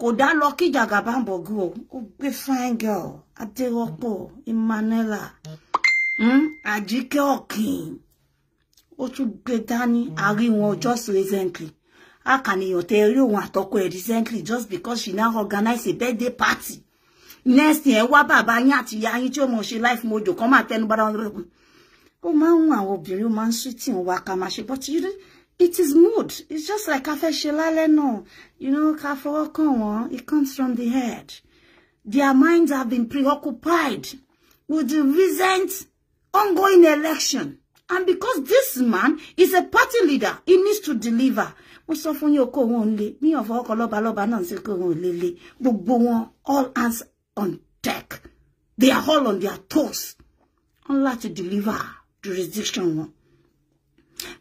kò dá lọ kí Jàgàbáǹbọ̀gù o. Ó gbé fine girl Adérọ́pọ̀ Emmanuela hmm, Àjíkẹ́ Ọ̀kìn. Ó tún gbé dání àárín wọn just recently. How can you tell you want to go recently just because she now organize a birthday party? Next year, what bàbá yín àti ìyá yín tí life mojo come máa tẹnu bara wọn. oh, máa ń àwọn obìnrin ó máa ń sweet in wa but you know, it is mood. It's just like ká fẹ́ ṣe lálẹ́ You know, ká fọwọ́ kàn wọ́n, it comes from the head. Their minds have been preoccupied with the recent ongoing election. And because this man is a party leader, he needs to deliver mo sọ fún yín oko wọn ò le bí yàn fọwọ́ kan lọ́ba lọ́ba náà sí oko wọn ò lele gbogbo wọn all hands on deck they are all on their toes wọn láti deliver jurisdiction wọn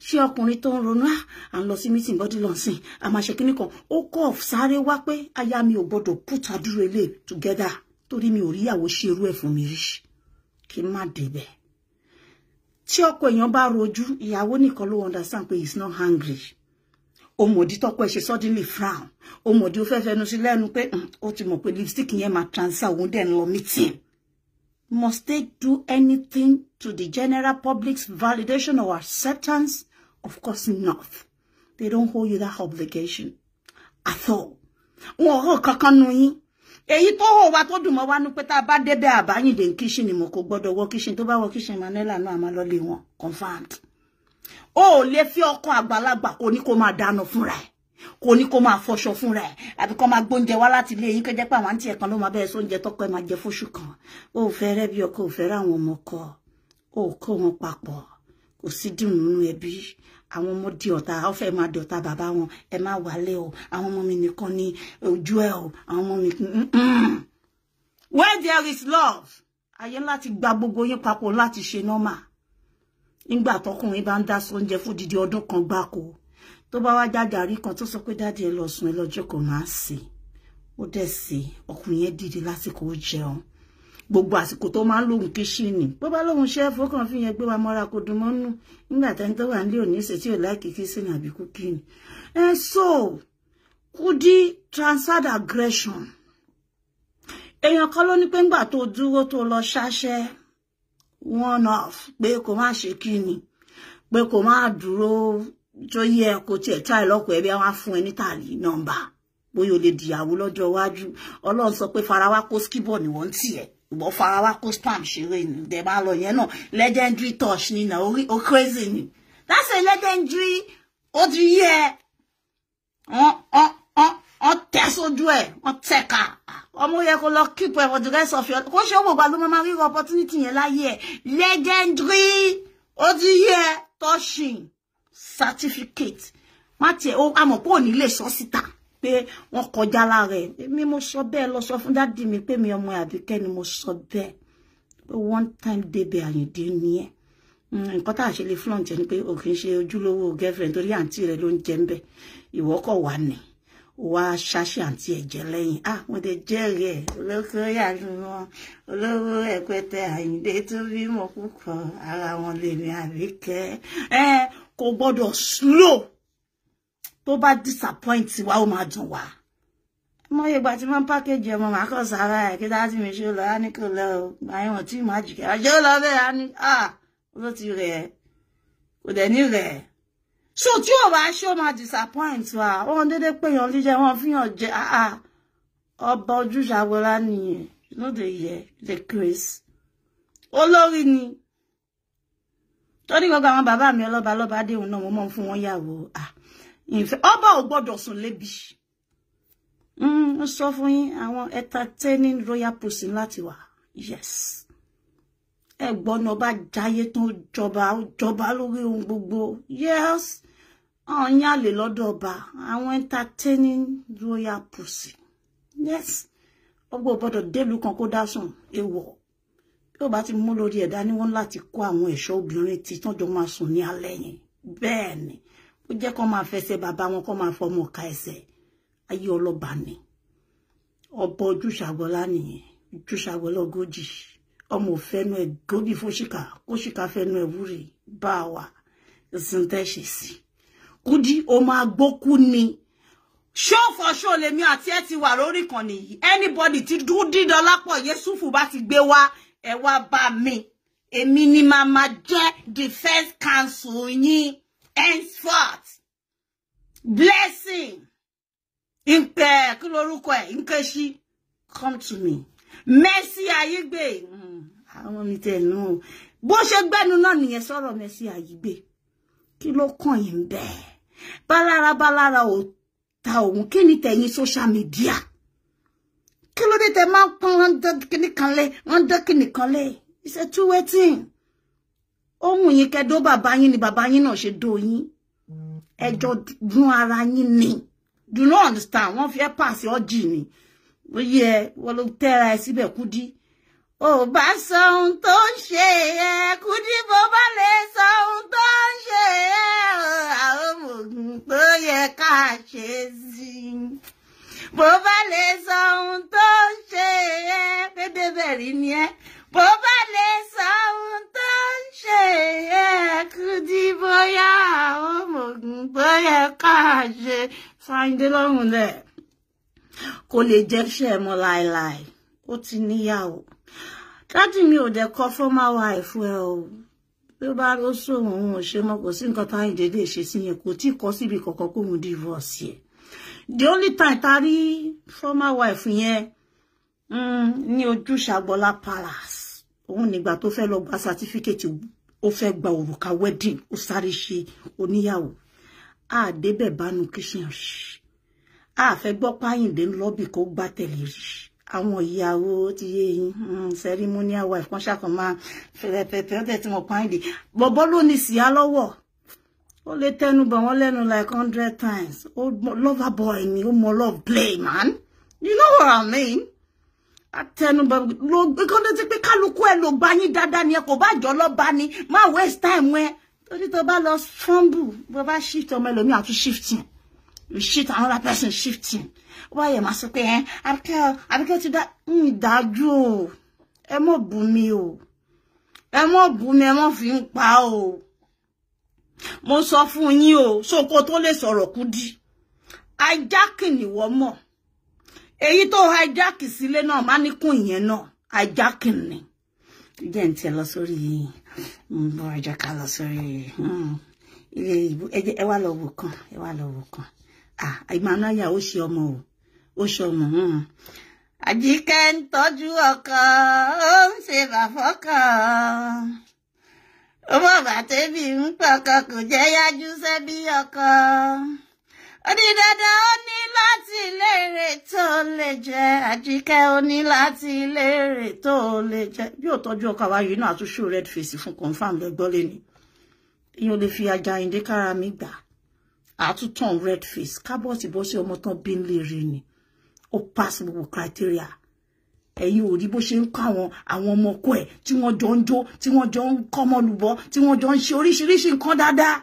ṣé ọkùnrin tó ń ronú ah, à ń lọ sí meeting body lọ́sìn a máa ṣe kíní kan ó kọ́ sáré wá pé aya mi ò gbọ́dọ̀ put adúrú ilé together torí mi ò ríyàwó ṣe irú ẹ̀ fún mi rí kí n má débẹ̀ tí ọkọ èèyàn bá rojú ìyàwó nìkan ló understand pé he is not angry òmòdí tọ́pọ̀ ẹ ṣe suddenly frown òmòdí ó fẹ́ fẹnu sí lẹ́nu pé hmm, ó ti mọ̀ pé lipstick yẹn máa transfer òun dẹ̀ ń lọ meeting must they do anything to the general public's validation or acceptance of course not they don't hold you that obligation at all wọn ò kankan nu yín èyí tó hò wá tó dùn mọ́ wá ní pé tá a bá débẹ̀ àbáyìndé kíṣìn ni mo kò gbọ́dọ̀ wọ kíṣìn tó bá wọ kíṣìn manila náà a máa lọ lé wọn confirmed o ò lè fi ọkọ àgbàlagbà kò ní kó máa dáná fúnra ẹ̀ kò ní kó máa fọṣọ fúnra ẹ̀ àbí kó máa gbóúnjẹ wá láti ilé yín kẹjẹ pé àwọn àǹtí ẹ̀kan ló máa bẹ́ẹ̀ sóúnjẹ tọkọ ẹ̀ máa jẹ fóṣù kan o ò fẹ́ rẹ́ bí ọkọ ò fẹ́ ráwọn ọmọ o ò kó wọn papọ̀ kò sí dìnnú nínú ẹbí àwọn di ọ̀tá ó fẹ́ máa di ọ̀tá bàbá wọn ẹ má wálé o àwọn ọmọ mi nìkan ní ojú ẹ o àwọn ọmọ mi where there is love ayé láti gba gbogbo yín papọ̀ láti ṣe normal nígbà tọkùnrin bá ń dá sóúnjẹ fún dídí ọdún kan gbáko tó bá wá jàjàrí kan tó sọ pé dáàdì ẹ lọ sùn ẹ lọ́jọ́ kan máa sè ó dẹ̀ sè ọkùnrin yẹn dìde lásìkò ó jẹun gbogbo àsìkò tó máa ń lòun kíṣìnì bó bá lóun ṣe fọkàn fi yẹn gbé wa mọ́ra kó dùn mọ́nú nígbà tẹ́ni tó wà nílé òní ṣe tí ò láìkí kíṣìnì àbí kúkìnì ẹ so Kudi transferred aggression èèyàn kan ló ní pé ńgbà tó dúró tó lọ ṣáṣẹ́ one off pé kò má ṣe kí ni pé kò má dúró tó yẹ kó tiẹ̀ tá ẹ lọ́kọ̀ ẹbí wá fún ẹ ní tàlí bóyá o lè dìyàwó lọ́jọ́ iwájú ọlọ́run sọ pé farawa kó skibọ̀ ni wọ́n ń tiẹ̀ farawa kó spam ṣeré ni dẹ̀ bá lọ yẹn náà legendary touch ni na orí o crazy ni that's a legendary ó ti yẹ ọ́n ọ́n ọ́n wọ́n tẹ́ sójú ẹ̀ wọ́n tẹ́ ká ọmọ yẹ kó lọ kíkọ ẹ̀ for the rest of your kó ṣe owó ìgbà ló máa rí opportunity yẹn láyé ẹ̀ legendary ó ti yẹ touching certificate má tiẹ̀ ó àmọ̀ pé òní lè sọ síta pé wọ́n kọjá lára ẹ̀ èmi mo sọ bẹ́ẹ̀ lọ sọ fún dádì mi pé mi ọmọ Àbíkẹ́ ni mo sọ bẹ́ẹ̀ pé one time débẹ̀ Àyìndé ni ẹ̀ hmm, nǹkan tá a ṣe lè flaunt ẹ ni pé o kì í ṣe ojúlówó girlfriend torí àǹtí rẹ ló ń jẹ ń bẹ ìwọ kọ wà ní wá ṣáṣì àǹtí ẹ̀jẹ̀ lẹ́yìn ah wọ́n dẹ̀ jẹ́rìí ẹ̀ olóko yàrá wọn olówó ẹ̀pẹtẹ àyíndé tó bímọ púpọ̀ ara wọn lèmi àríkẹ́ ẹ kò gbọ́dọ̀ slow tó bá disappoint wa ó máa dùn wá mo yẹ gbà tí mo ń pákéjì ọmọ màá kọ sára ẹ kí dájú mi ṣe lọ á ní kò lọ o àyàn tí màá jìkẹ́ ṣé ó lọ bẹ́ẹ̀ á ní ah ló ti rẹ̀ kò dẹ̀ ní rẹ̀ so tí ò bá ṣe ó máa disappoint wa wọn dédé pé yan jíjẹ wọn fi hàn jẹ ah, ah. ọba ojú ṣàwọlá nìyẹn no dey yẹ the grace olórí ni torí gbogbo àwọn bàbá mi ọlọ́ba lọ́ba déhùn náà mo mọ̀ fún wọn ah. ìfẹ́ ọba ò gbọ́dọ̀ sùn lébi ń hmm, sọ fún yín àwọn entertaining royal pussy láti wà yes ẹ̀gbọ́n ọba jayé tó jọba jọba lórí ohun gbogbo yes ọ̀yìn àlè lọ́dọ̀ ọba àwọn entertaining royal pussy yes ọgbọ́n gbọ́dọ̀ délùú kan kó dásùn ewọ̀ bí ó bá ti mú lórí ẹ̀dá ní wọ́n láti kó àwọn ẹ̀ṣọ́ obìnrin tí tán jọ máa sùn ní alẹ́ yẹn bẹ́ẹ̀ ni ó jẹ́ kó máa fẹsẹ̀ bàbá wọn kó máa fọmọ ọ̀ka ẹsẹ̀ ayé ọlọ́ba ni ọ̀bọ ojúṣàgbọ́lá nìyẹn ojúṣàgbọ́lá ogójì ọmọ òfẹnu ẹ gódì fóṣìkà kóṣìkà fẹnu ẹ wúre bá wa zintẹṣe sí Kudi o máa gbókú ni ṣóòfò ṣóòlèmí àti ẹ ti wà lórí ìkànnì yìí anybody ti dún dídọlápọ Yésùfù bá ti gbé wá ẹ wá bá mi èmi ni màá jẹ defence counsel yín henceforth blessing nkẹ kí lorúkọ ẹ Nkechi come to me. Mercy Ayigbe hmm, àwọn mi tẹ̀ nù bó ṣe gbẹ́nu náà nìyẹn sọ̀rọ̀ Mercy Ayigbe kí ló kàn yín bẹ́ẹ̀ bálára bálára ò ta òun kí ni tẹ̀yìn social media kí ló dé tẹ máa ń pọn wọn dán kíní kan lé wọn dán kan lé it's a two way ohun yìí kẹdó bàbá yín ni bàbá yín náà ṣe dó yín ẹjọ dún ara yín ni do not understand wọn fi ẹ pàṣẹ ọjì ni. Oye, ẹ wọ́n ló tẹ́ra ẹ síbẹ̀ Kúdí ò bá sọ ohun tó ń ṣe ẹ Kúdí bó bá lè sọ ohun tó ń ṣe ẹ àwọn oògùn tó yẹ ká ṣe sí bó bá lè sọ ohun tó ń ṣe ẹ dédé bẹ̀rí ni ẹ bó bá lè sọ ohun tó ń ṣe ẹ Kúdí bóyá àwọn oògùn tó yẹ ká ṣe sáyidé lọ́rùn lẹ̀ kò lè jẹ́ṣẹ́ mọ́ láéláé ó ti níyàwó dájú mi ò dẹ̀ kọ́ former wife ẹ o bí ó bá ló sóhun òun ò ṣe mọ́ kò sí nǹkan táyìn dédé ṣe sí yẹn kò tí kọ́ síbi kọ̀ọ̀kan kó òun divorce yẹ the only time ta rí former wife yẹn mm, ní ojú ṣàgbọ́lá palace òun nígbà tó fẹ́ lọ gba certificate ó fẹ́ gba òrùka wedding ó sáré ṣe oníyàwó àdébẹ̀ bánu kíṣìn ṣe àfẹ́ gbọ́ páyìndé lọ́bì kó gbá tẹ̀lé rí àwọn ìyàwó ti yé yín hmm, ceremonial wife kan ṣàkàn máa pẹpẹpẹ ọtẹ tí wọn páyìndé bọbọ ló ní síá lọ́wọ́ ó lè tẹnu bọ lẹ́nu like hundred times ó lover boy ni ó mọ love play man you know what I mean àtẹnubọ ló gbẹgọdọ ti pé kálukú ẹ ló gba yín dáadáa ni ẹ kò bá jọ lọ bá ni má waste time ẹ torí tó bá lọ fumble bó bá shift ọmọ ẹlòmíì àti shifting shit another person shifting wáyé máa sọ pé ẹ eh? àbíkẹ́ àbíkẹ́ ti dá ń dájú o ẹ mọ̀ bú mi o ẹ mọ̀ bú mi ẹ mọ̀ fi ń pa o mo sọ fún yín o sóko tó lè sọ̀rọ̀ Kudi ajákì nìwọ mọ̀ èyí tó ajákì sílé náà má níkùn ìyẹn náà ajákì ni jẹ́ ń tiẹ̀ lọ sórí ń bọ́ ẹjọ́ ká lọ sórí e e ẹ wá lọ wò e ẹ wá lọ wò kàn ìmọ̀láyà ó ṣe ọmọ o ó ṣe ọmọ hàn. àjíkẹ́ ń tọ́jú ọkọ ó ń ṣe bàfọ́kọ ó bọ̀ bàtẹ́bì ń pọkọ kò jẹ́ yájú sẹ́bí ọkọ ó ní dandan ó ní láti léèrè tó lè jẹ àjíkẹ́ ó ní láti léèrè tó lè jẹ bí ò tọ́jú ọkọ àwa yìí náà àtúnṣe red face fún confam lẹ́gbọ́n lẹ́ni èèyàn lè fi ajá ìdíkára mi gbà á àtúntàn red face kábọ̀tì bọ́ sí ọmọ tán bí nílé rí ni ó pass gbogbo criteria ẹ̀yin ò rí bó ṣe ń kọ́ àwọn àwọn ọmọ ọkọ ẹ̀ tí wọ́n jọ ń jó tí wọ́n jọ ń kọ́mọlúbọ tí wọ́n jọ ń ṣe oríṣiríṣi nǹkan dáadáa